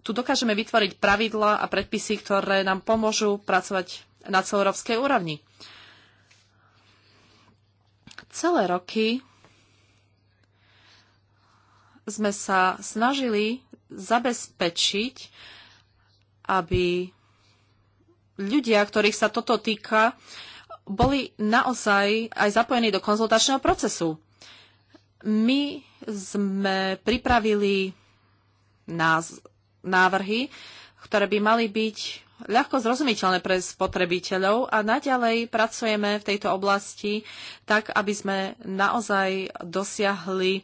tu dokážeme vytvoriť pravidlá a predpisy, ktoré nám pomôžu pracovať na celoeurópskej úrovni. Celé roky sme sa snažili zabezpečiť, aby ľudia, ktorých sa toto týka, boli naozaj aj zapojení do konzultačného procesu. My sme pripravili návrhy, ktoré by mali byť ľahko zrozumiteľné pre spotrebiteľov a naďalej pracujeme v tejto oblasti tak, aby sme naozaj dosiahli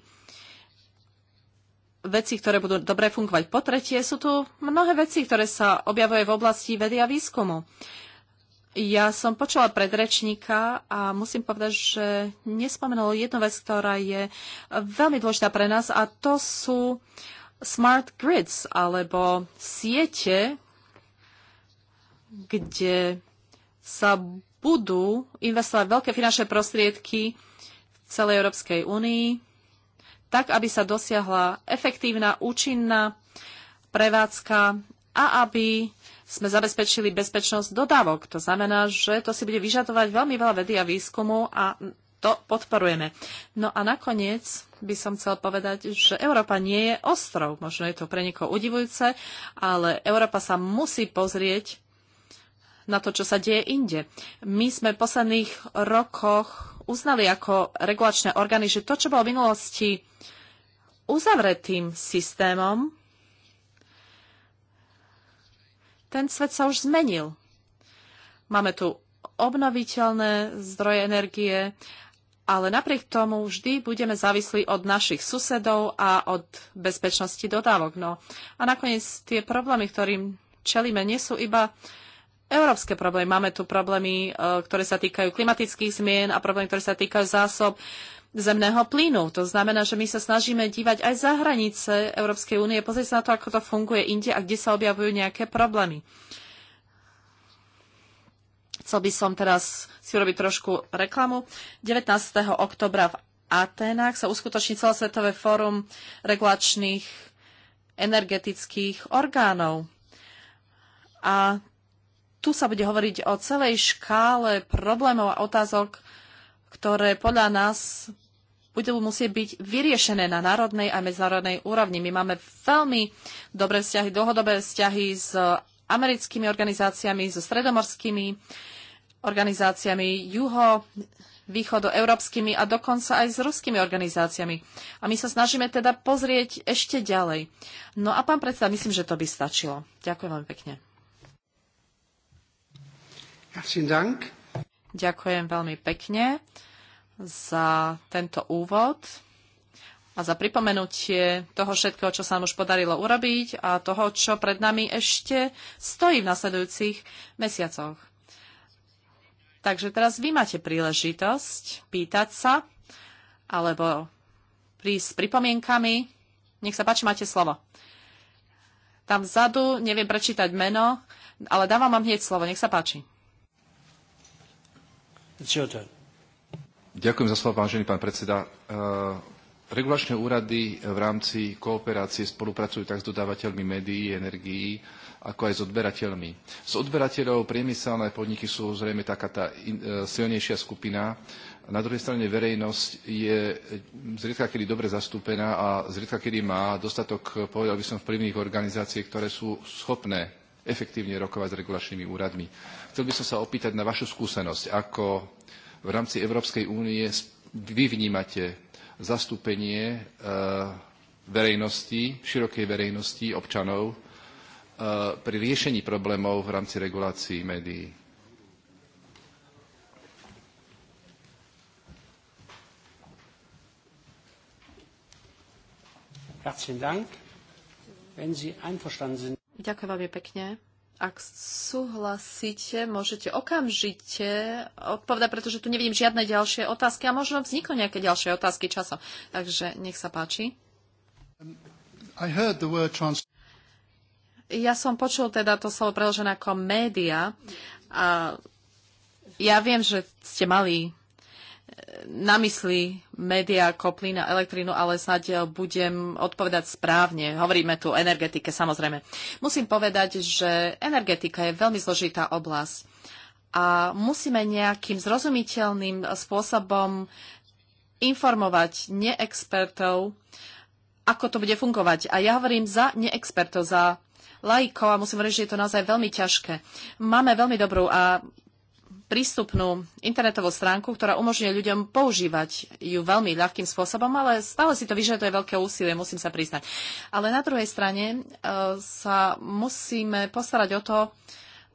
veci, ktoré budú dobre fungovať. Po tretie, sú tu mnohé veci, ktoré sa objavuje v oblasti vedy a výskumu. Ja som počula predrečníka a musím povedať, že nespomenul jednu vec, ktorá je veľmi dôležitá pre nás a to sú uh, smart grids alebo siete, kde sa budú investovať veľké finančné prostriedky v celej Európskej únii, tak aby sa dosiahla efektívna, účinná prevádzka a aby sme zabezpečili bezpečnosť dodávok. To znamená, že to si bude vyžadovať veľmi veľa vedy a výskumu a to podporujeme. No a nakoniec by som chcel povedať, že Európa nie je ostrov. Možno je to pre niekoho udivujúce, ale Európa sa musí pozrieť na to, čo sa deje inde. My sme v posledných rokoch uznali ako regulačné orgány, že to, čo bolo v minulosti uzavretým systémom, ten svet sa už zmenil. Máme tu obnoviteľné zdroje energie, ale napriek tomu vždy budeme závislí od našich susedov a od bezpečnosti dodávok. No a nakoniec tie problémy, ktorým čelíme, nie sú iba európske problémy. Máme tu problémy, e, ktoré sa týkajú klimatických zmien a problémy, ktoré sa týkajú zásob zemného plynu. To znamená, že my sa snažíme dívať aj za hranice Európskej únie, pozrieť sa na to, ako to funguje inde a kde sa objavujú nejaké problémy. Uh, Chcel by som teraz si urobiť trošku reklamu. 19. oktobra v Atenách sa uskutoční celosvetové fórum regulačných energetických orgánov. A tu sa bude hovoriť o celej škále problémov a otázok, ktoré podľa nás budú musieť byť vyriešené na národnej a medzinárodnej úrovni. My máme veľmi dobré vzťahy, dlhodobé vzťahy s americkými organizáciami, so stredomorskými organizáciami juho, východoeurópskymi a dokonca aj s ruskými organizáciami. A my sa snažíme teda pozrieť ešte ďalej. No a pán predseda, myslím, že to by stačilo. Ďakujem veľmi pekne. Ďakujem veľmi pekne za tento úvod a za pripomenutie toho všetkého, čo sa nám už podarilo urobiť a toho, čo pred nami ešte stojí v nasledujúcich mesiacoch. Takže teraz vy máte príležitosť pýtať sa alebo prísť s pripomienkami. Nech sa páči, máte slovo. Tam vzadu neviem prečítať meno, ale dávam vám hneď slovo. Nech sa páči. Ďakujem za slovo, vážený pán predseda. Eh, Regulačné úrady v rámci kooperácie spolupracujú tak s dodávateľmi médií, energií, ako aj s odberateľmi. Z odberateľov priemyselné podniky sú zrejme taká tá e, silnejšia skupina. Na druhej strane verejnosť je zriedka kedy dobre zastúpená a zriedka kedy má dostatok, povedal by som, vplyvných organizácií, ktoré sú schopné efektívne rokovať s regulačnými úradmi. Chcel by som sa opýtať na vašu skúsenosť, ako v rámci Európskej únie vy vnímate zastúpenie eh, verejnosti, širokej verejnosti občanov eh, pri riešení problémov v rámci regulácií médií. Ďakujem pekne. Ak súhlasíte, môžete okamžite odpovedať, pretože tu nevidím žiadne ďalšie otázky a možno vzniknú nejaké ďalšie otázky časom. Takže nech sa páči. Um, ja som počul teda to slovo preložené ako média a ja viem, že ste mali na mysli média ako na a elektrínu, ale snáď budem odpovedať správne. Hovoríme tu o energetike, samozrejme. Musím povedať, že energetika je veľmi zložitá oblasť a musíme nejakým zrozumiteľným spôsobom informovať neexpertov, ako to bude fungovať. A ja hovorím za neexpertov, za laikov a musím hovoriť, že je to naozaj veľmi ťažké. Máme veľmi dobrú a prístupnú internetovú stránku, ktorá umožňuje ľuďom používať ju veľmi ľahkým spôsobom, ale stále si to vyžaduje veľké úsilie, musím sa priznať. Ale na druhej strane e, sa musíme postarať o to,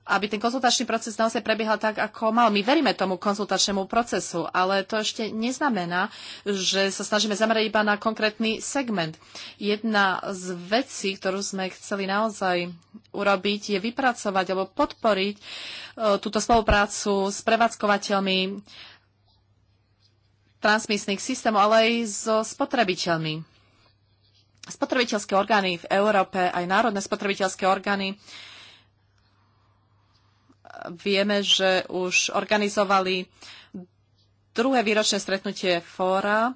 aby ten konzultačný proces naozaj prebiehal tak, ako mal. My veríme tomu konzultačnému procesu, ale to ešte neznamená, že sa snažíme zamerať iba na konkrétny segment. Jedna z vecí, ktorú sme chceli naozaj urobiť, je vypracovať alebo podporiť e, túto spoluprácu s prevádzkovateľmi transmisných systémov, ale aj so spotrebiteľmi. Spotrebiteľské orgány v Európe, aj národné spotrebiteľské orgány uh, vieme, že už organizovali druhé výročné stretnutie fóra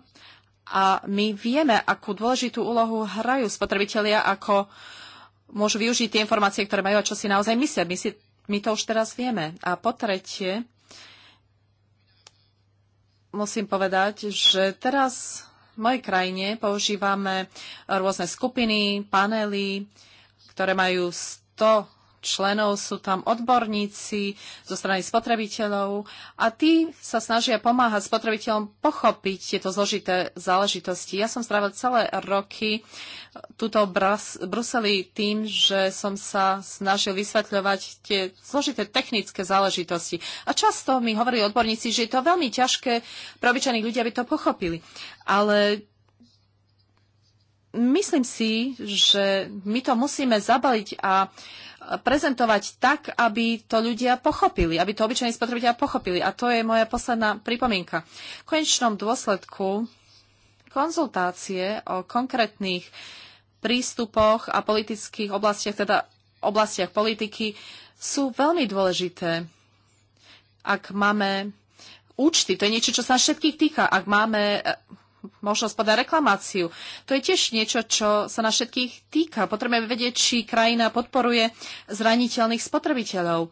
a my vieme, akú dôležitú úlohu hrajú spotrebitelia, ako môžu využiť tie informácie, ktoré majú a čo si naozaj myslia. My, si, my to už teraz vieme. A po tretie, musím povedať, že teraz v mojej krajine používame rôzne skupiny, panely, ktoré majú 100 členov sú tam odborníci zo strany spotrebiteľov a tí sa snažia pomáhať spotrebiteľom pochopiť tieto zložité záležitosti. Ja som strávil celé roky túto Bruseli tým, že som sa snažil vysvetľovať tie zložité technické záležitosti. A často mi hovorili odborníci, že je to veľmi ťažké pre obyčajných ľudí, aby to pochopili. Ale myslím si, že my to musíme zabaliť a prezentovať tak, aby to ľudia pochopili, aby to obyčajní spotrebitelia pochopili. A to je moja posledná pripomienka. V konečnom dôsledku konzultácie o konkrétnych prístupoch a politických oblastiach, teda oblastiach politiky, sú veľmi dôležité. Ak máme účty, to je niečo, čo sa všetkých týka. Ak máme možnosť podať reklamáciu. To je tiež niečo, čo sa na všetkých týka. Potrebujeme vedieť, či krajina podporuje zraniteľných spotrebiteľov.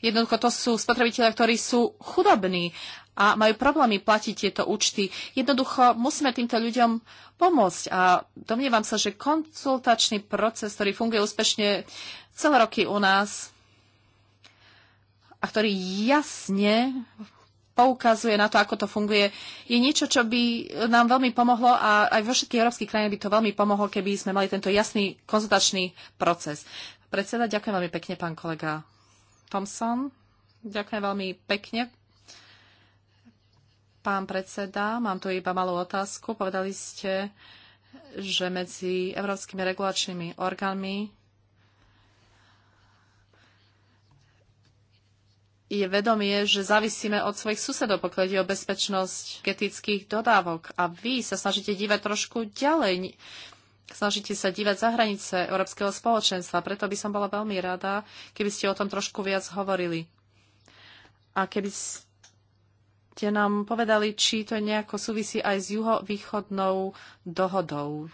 Jednoducho to sú spotrebitelia, ktorí sú chudobní a majú problémy platiť tieto účty. Jednoducho musíme týmto ľuďom pomôcť a domnievam sa, že konzultačný proces, ktorý funguje úspešne celé roky u nás a ktorý jasne poukazuje na to, ako to funguje, je niečo, čo by nám veľmi pomohlo a aj vo všetkých európskych krajinách by to veľmi pomohlo, keby sme mali tento jasný konzultačný proces. Predseda, ďakujem veľmi pekne, pán kolega Thompson. Ďakujem veľmi pekne. Pán predseda, mám tu iba malú otázku. Povedali ste, že medzi európskymi regulačnými orgánmi je vedomie, že závisíme od svojich susedov, pokiaľ ide o bezpečnosť getických dodávok. A vy sa snažíte dívať trošku ďalej. Snažíte sa dívať za hranice Európskeho spoločenstva. Preto by som bola veľmi rada, keby ste o tom trošku viac hovorili. A keby ste nám povedali, či to nejako súvisí aj s juhovýchodnou dohodou,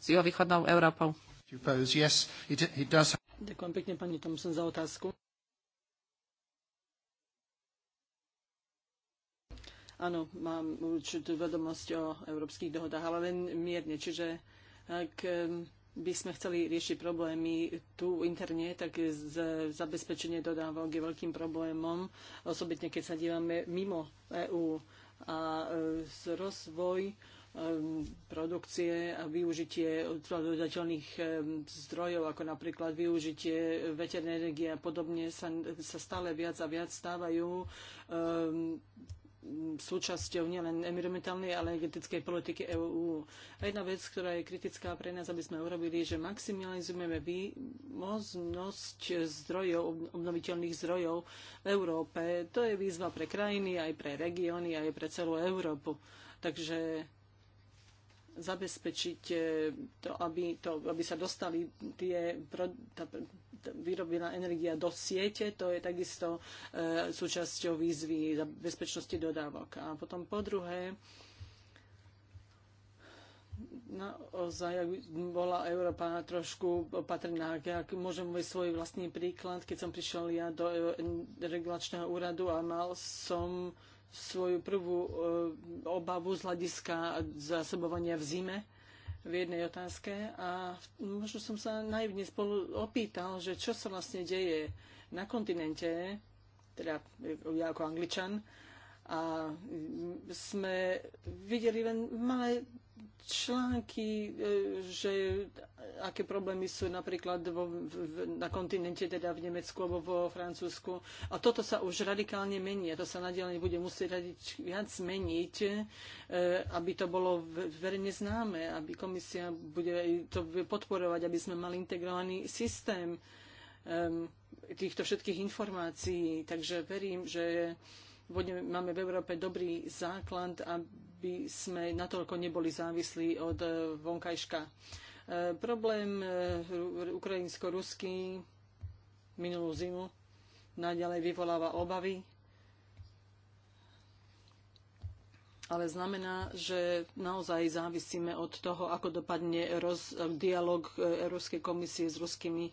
s juhovýchodnou Európou. Ďakujem pekne, pani Tomson, za otázku. Áno, mám určitú vedomosť o európskych dohodách, ale len mierne. Čiže ak by sme chceli riešiť problémy tu interne, tak z, zabezpečenie dodávok je veľkým problémom, osobitne keď sa dívame mimo EÚ a e, z rozvoj produkcie a využitie dodateľných zdrojov, ako napríklad využitie veternej energie a podobne, sa, sa stále viac a viac stávajú um, súčasťou nielen environmentálnej, ale energetickej politiky EÚ. A jedna vec, ktorá je kritická pre nás, aby sme urobili, že maximalizujeme výmoznosť zdrojov, obnoviteľných zdrojov v Európe. To je výzva pre krajiny, aj pre regióny, aj pre celú Európu. Takže zabezpečiť e, to, aby, to, aby sa dostali tie, tá, tá vyrobená energia do siete. To je takisto e, súčasťou výzvy za bezpečnosti dodávok. A potom po druhé, naozaj bola Európa trošku opatrná. ak môžem uvieť svoj vlastný príklad, keď som prišiel ja do e, regulačného úradu a mal som svoju prvú e, obavu z hľadiska zásobovania v zime v jednej otázke a možno som sa naivne spolu opýtal, že čo sa vlastne deje na kontinente, teda ja ako angličan, a sme videli len malé články, e, že aké problémy sú napríklad vo, v, na kontinente, teda v Nemecku alebo vo Francúzsku. A toto sa už radikálne mení a to sa nadiaľ bude musieť radič, viac meniť, e, aby to bolo verejne známe, aby komisia bude to podporovať, aby sme mali integrovaný systém týchto všetkých informácií. Takže verím, že máme v Európe dobrý základ, aby aby sme natoľko neboli závislí od e, vonkajška. E, problém e, ukrajinsko-ruský minulú zimu naďalej vyvoláva obavy, ale znamená, že naozaj závisíme od toho, ako dopadne roz, dialog Európskej komisie s ruskými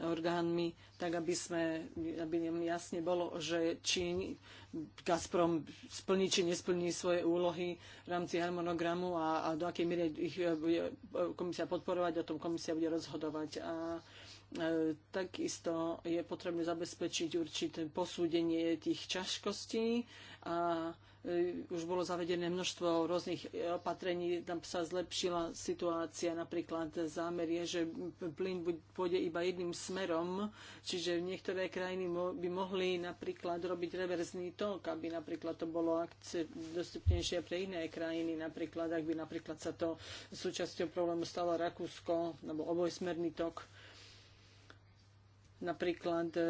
orgánmi, tak aby, sme, aby nám jasne bolo, že či Gazprom splní či nesplní svoje úlohy v rámci harmonogramu a, a do akej miery ich e, bude komisia podporovať, o tom komisia bude rozhodovať. A e, takisto je potrebné zabezpečiť určité posúdenie tých ťažkostí a E, už bolo zavedené množstvo rôznych opatrení, tam sa zlepšila situácia, napríklad zámer je, že plyn pôjde iba jedným smerom, čiže niektoré krajiny by mohli napríklad robiť reverzný tok, aby napríklad to bolo dostupnejšie pre iné krajiny, napríklad ak by napríklad sa to súčasťou problému stalo Rakúsko, alebo obojsmerný tok Napríklad e,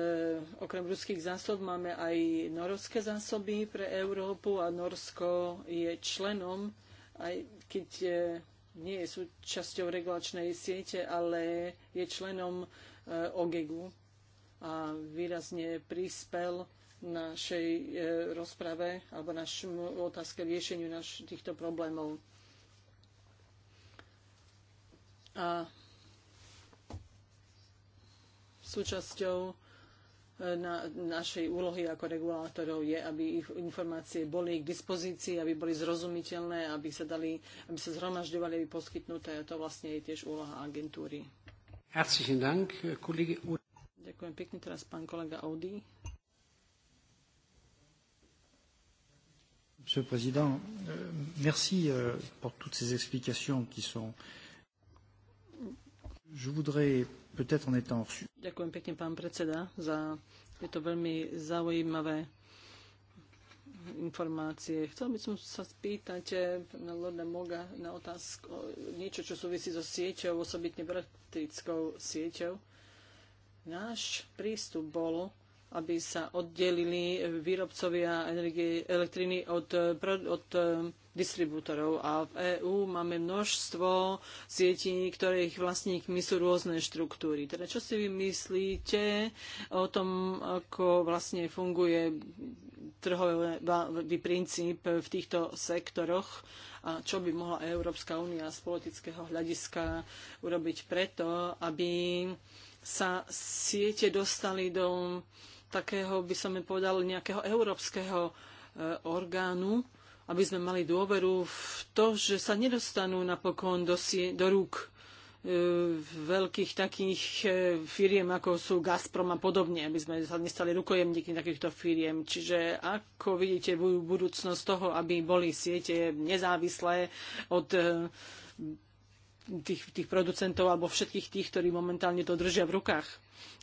okrem ruských zásob máme aj norské zásoby pre Európu a Norsko je členom, aj keď e, nie je súčasťou regulačnej siete, ale je členom e, OGEGu a výrazne prispel našej rozprave alebo našom otázke riešeniu naš, týchto problémov. A súčasťou e, na, našej úlohy ako regulátorov je, aby ich informácie boli k dispozícii, aby boli zrozumiteľné, aby sa, dali, aby sa zhromažďovali, aby poskytnuté. A to vlastne je tiež úloha agentúry. Herzlichen Dank, kolege Ďakujem pekne teraz pán kolega Audi. Monsieur le Président, euh, merci euh, pour toutes ces explications qui sont. Je voudrais peut-être en étant reçu. Ďakujem pekne, pán predseda, za tieto veľmi zaujímavé informácie. Chcel by som sa spýtať eh, na Lorda Moga na otázku niečo, čo súvisí so sieťou, osobitne praktickou sieťou. Náš prístup bol, aby sa oddelili výrobcovia energie, elektriny od, od eh, distribútorov a v EÚ máme množstvo sietí, ktorých vlastníkmi sú rôzne štruktúry. Teda čo si vy myslíte o tom, ako vlastne funguje trhový princíp v týchto sektoroch a čo by mohla Európska únia z politického hľadiska urobiť preto, aby sa siete dostali do takého, by som povedal, nejakého európskeho e, orgánu, aby sme mali dôveru v to, že sa nedostanú napokon do, do rúk e, veľkých takých e, firiem, ako sú Gazprom a podobne, aby sme sa nestali rukojemníky takýchto firiem. Čiže ako vidíte budúcnosť toho, aby boli siete nezávislé od e, tých, tých producentov alebo všetkých tých, ktorí momentálne to držia v rukách.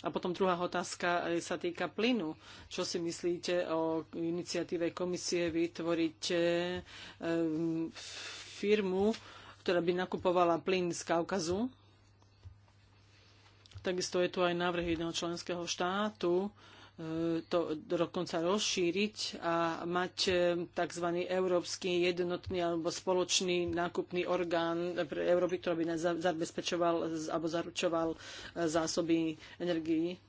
A potom druhá otázka eh, sa týka plynu. Čo si myslíte o iniciatíve komisie vytvoriť eh, firmu, ktorá by nakupovala plyn z Kaukazu? Takisto je tu aj návrh jedného členského štátu, to dokonca rozšíriť a mať e, tzv. európsky jednotný alebo spoločný nákupný orgán pre Európy, ktorý by zabezpečoval alebo zaručoval e, zásoby energií.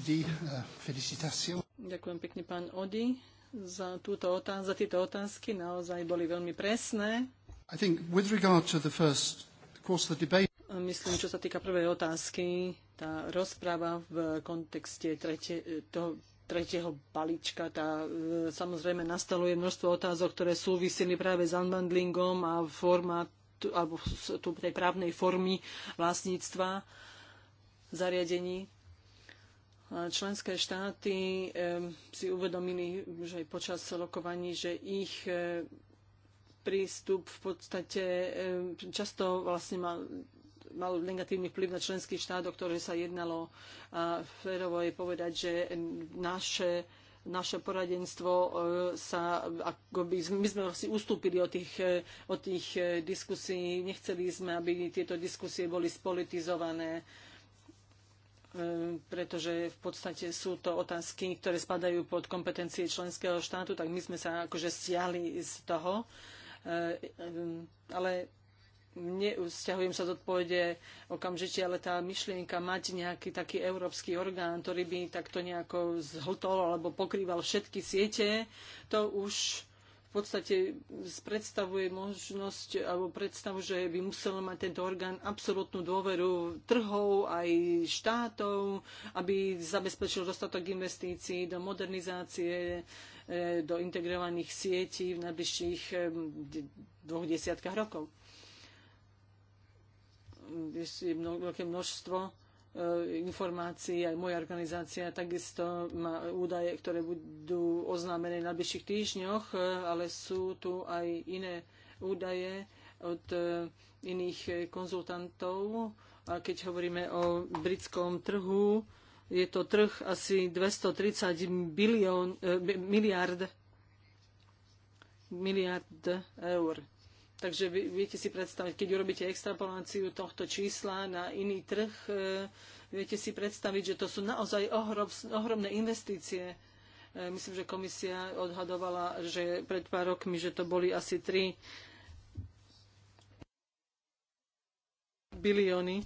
Odi, e, Ďakujem pekne, pán Odi, za, túto otáz- za tieto otázky. Naozaj boli veľmi presné. I think with regard to the first, of course, the debate Myslím, čo sa týka prvej otázky, tá rozpráva v kontexte tretie, toho tretieho balíčka. Tá e, samozrejme nastaluje množstvo otázok, ktoré súviseli práve s unbundlingom a formát, alebo tu tej právnej formy vlastníctva zariadení. členské štáty e, si uvedomili, že aj počas lokovaní, že ich e, prístup v podstate e, často vlastne mal mal negatívny vplyv na členský štát, o ktoré sa jednalo. A férovo je povedať, že naše naše poradenstvo e, sa, ako by my sme si ustúpili od tých, e, od tých e, diskusí, nechceli sme, aby tieto diskusie boli spolitizované pretože v podstate sú to otázky, ktoré spadajú pod kompetencie členského štátu, tak my sme sa akože stiali z toho. Ale neusťahujem sa do odpovede okamžite, ale tá myšlienka mať nejaký taký európsky orgán, ktorý by takto nejako zhltol alebo pokrýval všetky siete, to už v podstate predstavuje možnosť alebo predstavu, že by musel mať tento orgán absolútnu dôveru trhov aj štátov, aby zabezpečil dostatok investícií do modernizácie, eh, do integrovaných sietí v najbližších eh, dvoch desiatkách rokov veľké množstvo e, informácií, aj moja organizácia takisto má údaje, ktoré budú oznámené na bližších týždňoch, e, ale sú tu aj iné údaje od e, iných konzultantov. A keď hovoríme o britskom trhu, je to trh asi 230 bilión, miliard, miliard eur Takže vy, viete si predstaviť, keď urobíte extrapoláciu tohto čísla na iný trh, e, viete si predstaviť, že to sú naozaj ohrob, ohromné investície. E, myslím, že komisia odhadovala, že pred pár rokmi, že to boli asi 3 bilióny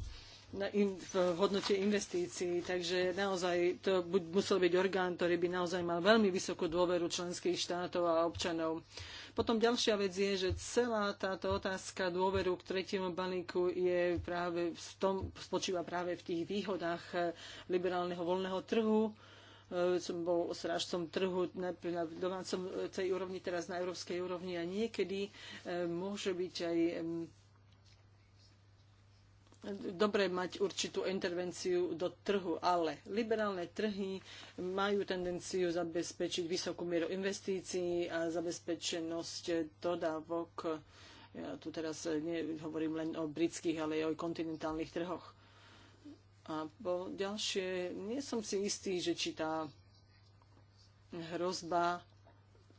in, v hodnote investícií. Takže naozaj to buď musel byť orgán, ktorý by naozaj mal veľmi vysokú dôveru členských štátov a občanov. Potom ďalšia vec je, že celá táto otázka dôveru k tretiemu balíku je práve v tom, spočíva práve v tých výhodách eh, liberálneho voľného trhu, eh, som bol strážcom trhu na, na domácom eh, tej úrovni, teraz na európskej úrovni a niekedy môže byť aj dobre mať určitú intervenciu do trhu, ale liberálne trhy majú tendenciu zabezpečiť vysokú mieru investícií a zabezpečenosť dodávok. Ja tu teraz nehovorím len o britských, ale aj o kontinentálnych trhoch. A po ďalšie, nie som si istý, že či tá hrozba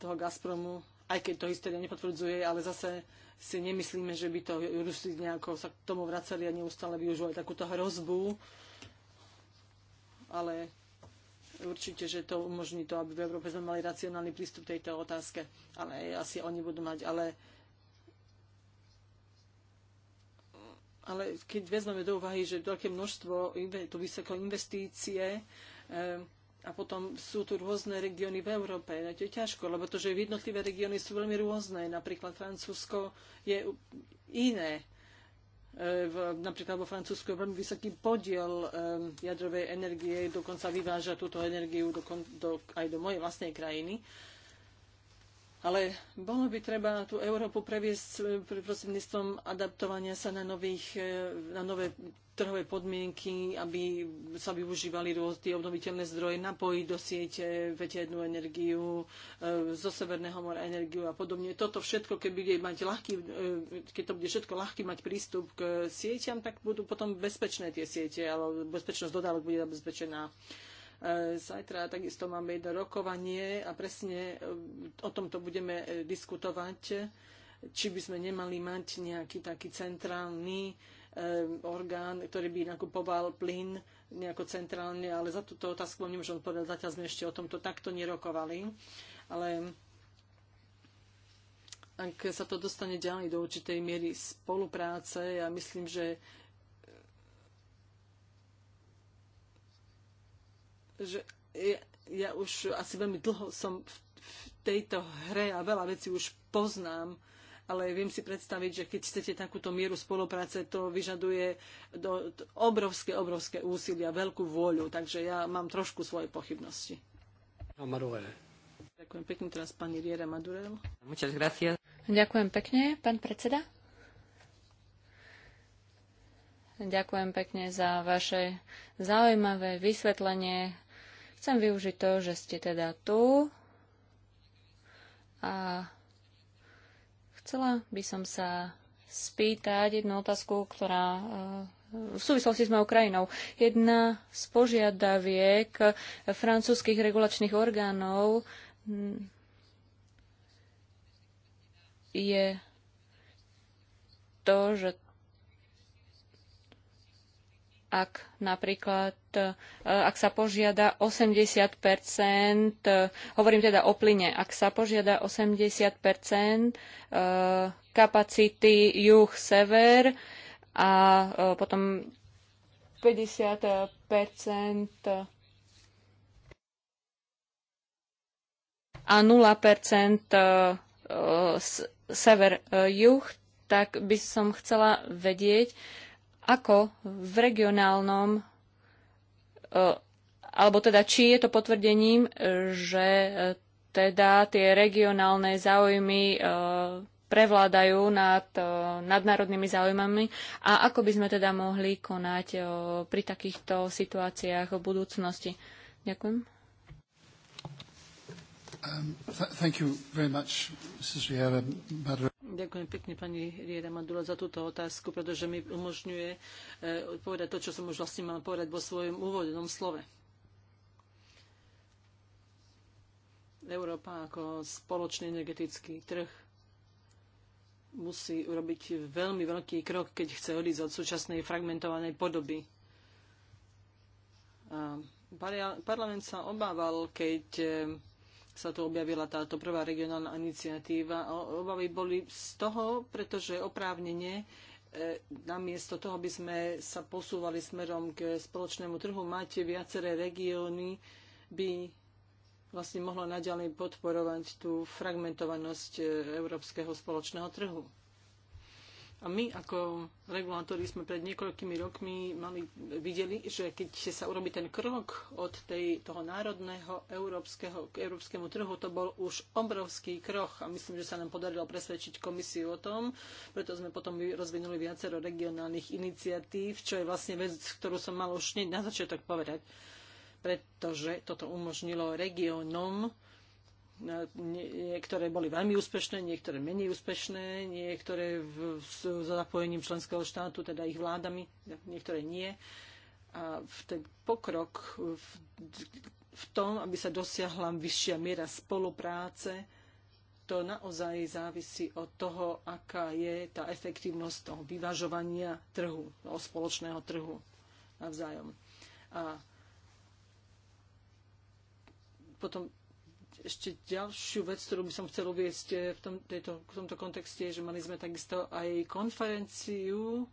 toho Gazpromu, aj keď to história nepotvrdzuje, ale zase si nemyslíme, že by to Rusi nejako sa k tomu vracali a neustále využívali takúto hrozbu, ale určite, že to umožní to, aby v Európe sme mali racionálny prístup tejto otázke. Ale asi oni budú mať, ale ale keď vezmeme do úvahy, že veľké množstvo, tu vysoko investície, eh, a potom sú tu rôzne regióny v Európe. Je to ťažko, lebo to, že jednotlivé regióny sú veľmi rôzne. Napríklad Francúzsko je iné. E, v, napríklad vo Francúzsku je veľmi vysoký podiel e, jadrovej energie, dokonca vyváža túto energiu do, do, aj do mojej vlastnej krajiny. Ale bolo by treba tú Európu previesť eh, prostredníctvom adaptovania sa na, nových, eh, na nové trhové podmienky, aby sa využívali tie obnoviteľné zdroje, napojiť do siete veternú energiu, eh, zo Severného mora energiu a podobne. Toto všetko, keď, bude mať ľahký, keď to bude všetko ľahký mať prístup k sieťam, tak budú potom bezpečné tie siete, alebo bezpečnosť dodávok bude zabezpečená. Zajtra takisto máme jedno rokovanie a presne eh, o tomto budeme eh, diskutovať, či by sme nemali mať nejaký taký centrálny eh, orgán, ktorý by nakupoval plyn nejako centrálne, ale za túto otázku nemôžem povedať, zatiaľ sme ešte o tomto takto nerokovali. Ale ak sa to dostane ďalej do určitej miery spolupráce, ja myslím, že že ja, ja už asi veľmi dlho som v, v tejto hre a veľa vecí už poznám, ale viem si predstaviť, že keď chcete takúto mieru spolupráce, to vyžaduje do, do obrovské, obrovské úsilia, veľkú vôľu, takže ja mám trošku svoje pochybnosti. Ďakujem pekne teraz pani Riera Madurel. Ďakujem pekne, pán predseda. Ďakujem pekne za vaše zaujímavé vysvetlenie Chcem využiť to, že ste teda tu a chcela by som sa spýtať jednu otázku, ktorá e, v súvislosti s mojou krajinou. Jedna z požiadaviek francúzskych regulačných orgánov je to, že ak napríklad, e, ak sa požiada 80 e, hovorím teda o plyne, ak sa požiada 80 e, kapacity juh-sever a potom 50 a 0 sever-juh, tak by som chcela vedieť, ako v regionálnom e, alebo teda či je to potvrdením, e, že e, teda tie regionálne záujmy prevládajú nad nadnárodnými záujmami a ako by sme teda mohli konať pri takýchto situáciách v budúcnosti. Ďakujem. Um, th- thank you very much, Mrs. Riera. Ďakujem pekne pani Riera Madula za túto otázku, pretože mi umožňuje e, povedať to, čo som už vlastne mal povedať vo svojom úvodnom slove. Európa ako spoločný energetický trh musí urobiť veľmi veľký krok, keď chce odísť od súčasnej fragmentovanej podoby. A parlament sa obával, keď e, sa tu objavila táto prvá regionálna iniciatíva. Obavy boli z toho, pretože oprávnenie e, namiesto toho, aby sme sa posúvali smerom k spoločnému trhu, máte viaceré regióny, by vlastne mohlo naďalej podporovať tú fragmentovanosť e, európskeho spoločného trhu. A my ako regulátori sme pred niekoľkými rokmi mali, videli, že keď sa urobí ten krok od tej, toho národného európskeho, k európskemu trhu, to bol už obrovský krok a myslím, že sa nám podarilo presvedčiť komisiu o tom, preto sme potom rozvinuli viacero regionálnych iniciatív, čo je vlastne vec, ktorú som mal už na začiatok povedať, pretože toto umožnilo regiónom niektoré boli veľmi úspešné, niektoré menej úspešné, niektoré v, s, s zapojením členského štátu, teda ich vládami, niektoré nie. A v ten pokrok v, v tom, aby sa dosiahla vyššia miera spolupráce, to naozaj závisí od toho, aká je tá efektívnosť toho vyvažovania trhu, toho spoločného trhu navzájom. A potom ešte ďalšiu vec, ktorú by som chcel uviezť eh, v, tom, tejto, v tomto kontexte, že mali sme takisto aj konferenciu,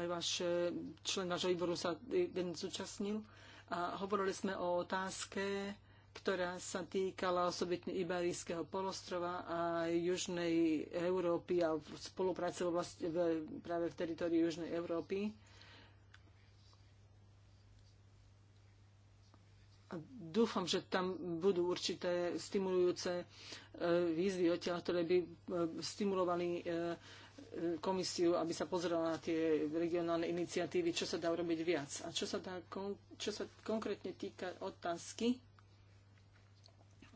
aj váš eh, člen vášho výboru sa jeden zúčastnil a hovorili sme o otázke, ktorá sa týkala osobitne Iberijského polostrova a južnej Európy a spolupráce v oblasti, v, práve v teritórii južnej Európy dúfam, že tam budú určité stimulujúce e, výzvy odtiaľ, ktoré by e, stimulovali e, komisiu, aby sa pozrela na tie regionálne iniciatívy, čo sa dá urobiť viac. A čo sa, dá, čo sa konkrétne týka otázky,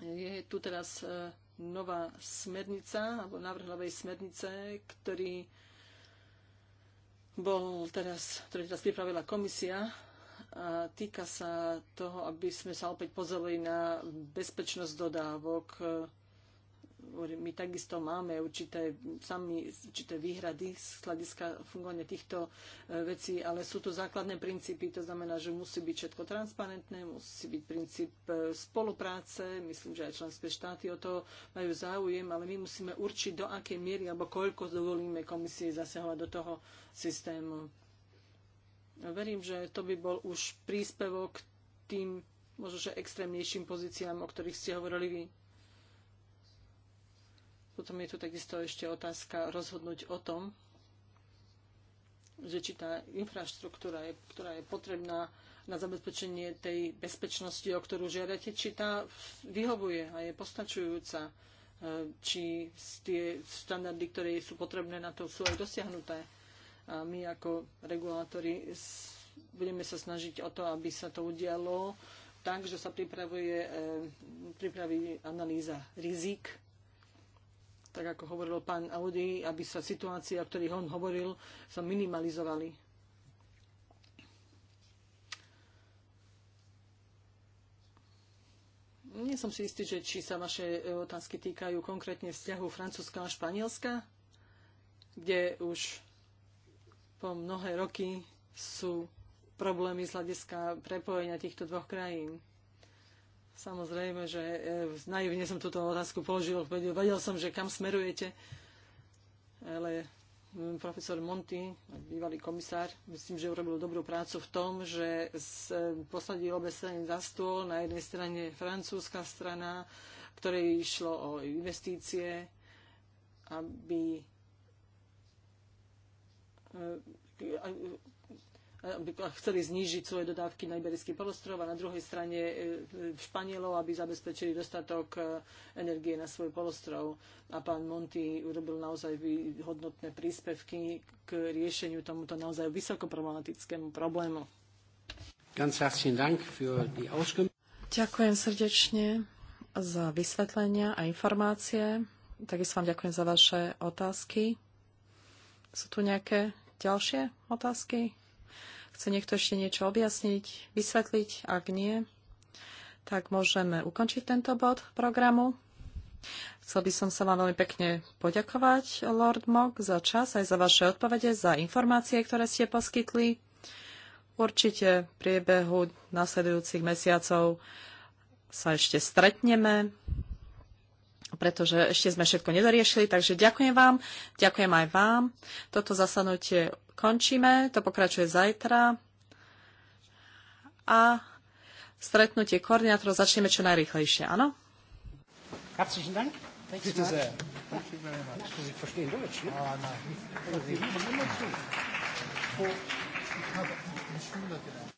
je tu teraz nová smernica, alebo návrh novej smernice, ktorý bol teraz, ktorý teraz pripravila komisia týka sa toho, aby sme sa opäť pozreli na bezpečnosť dodávok. My takisto máme určité, sami určité výhrady z hľadiska fungovania týchto e, vecí, ale sú to základné princípy, to znamená, že musí byť všetko transparentné, musí byť princíp e, spolupráce, myslím, že aj členské štáty o to majú záujem, ale my musíme určiť, do akej miery alebo koľko dovolíme komisie zasahovať do toho systému. Verím, že to by bol už príspevok tým možno, že extrémnejším pozíciám, o ktorých ste hovorili vy. Potom je tu takisto ešte otázka rozhodnúť o tom, že či tá infraštruktúra, je, ktorá je potrebná na zabezpečenie tej bezpečnosti, o ktorú žiadate, či tá vyhovuje a je postačujúca, eh, či tie štandardy, ktoré sú potrebné na to, sú aj dosiahnuté a my ako regulátori budeme sa snažiť o to, aby sa to udialo tak, že sa pripravuje, e, pripraví analýza rizik, tak ako hovoril pán Audi, aby sa situácia, o ktorých on hovoril, sa minimalizovali. Nie som si istý, že či sa vaše e, otázky týkajú konkrétne vzťahu Francúzska a Španielska, kde už po mnohé roky sú problémy z hľadiska prepojenia týchto dvoch krajín. Samozrejme, že e, naivne som túto otázku položil, vedel, som, že kam smerujete, ale profesor Monty, bývalý komisár, myslím, že urobil dobrú prácu v tom, že e, posadil obe strany za stôl, na jednej strane francúzska strana, ktorej išlo o investície, aby E, chceli znížiť svoje dodávky na Iberický polostrov a na druhej strane e, Španielov, aby zabezpečili dostatok e, energie na svoj polostrov. A pán Monti urobil naozaj hodnotné príspevky k riešeniu tomuto naozaj vysokoproblematickému problému. Ďakujem srdečne za vysvetlenia a informácie. Takisto vám ďakujem za vaše otázky. Sú tu nejaké ďalšie otázky? Chce niekto ešte niečo objasniť, vysvetliť? Ak nie, tak môžeme ukončiť tento bod programu. Chcel by som sa vám veľmi pekne poďakovať, Lord Mock, za čas, aj za vaše odpovede, za informácie, ktoré ste poskytli. Určite v priebehu nasledujúcich mesiacov sa ešte stretneme pretože ešte sme všetko nedoriešili, takže ďakujem vám, ďakujem aj vám. Toto zasadnutie končíme, to pokračuje zajtra a stretnutie koordinátorov začneme čo najrychlejšie, áno? Herzlichen Dank. Bitte sehr. Sie verstehen Deutsch, ne? Ah, nein. Sie hören immer zu. Ich habe eine Stunde gelernt.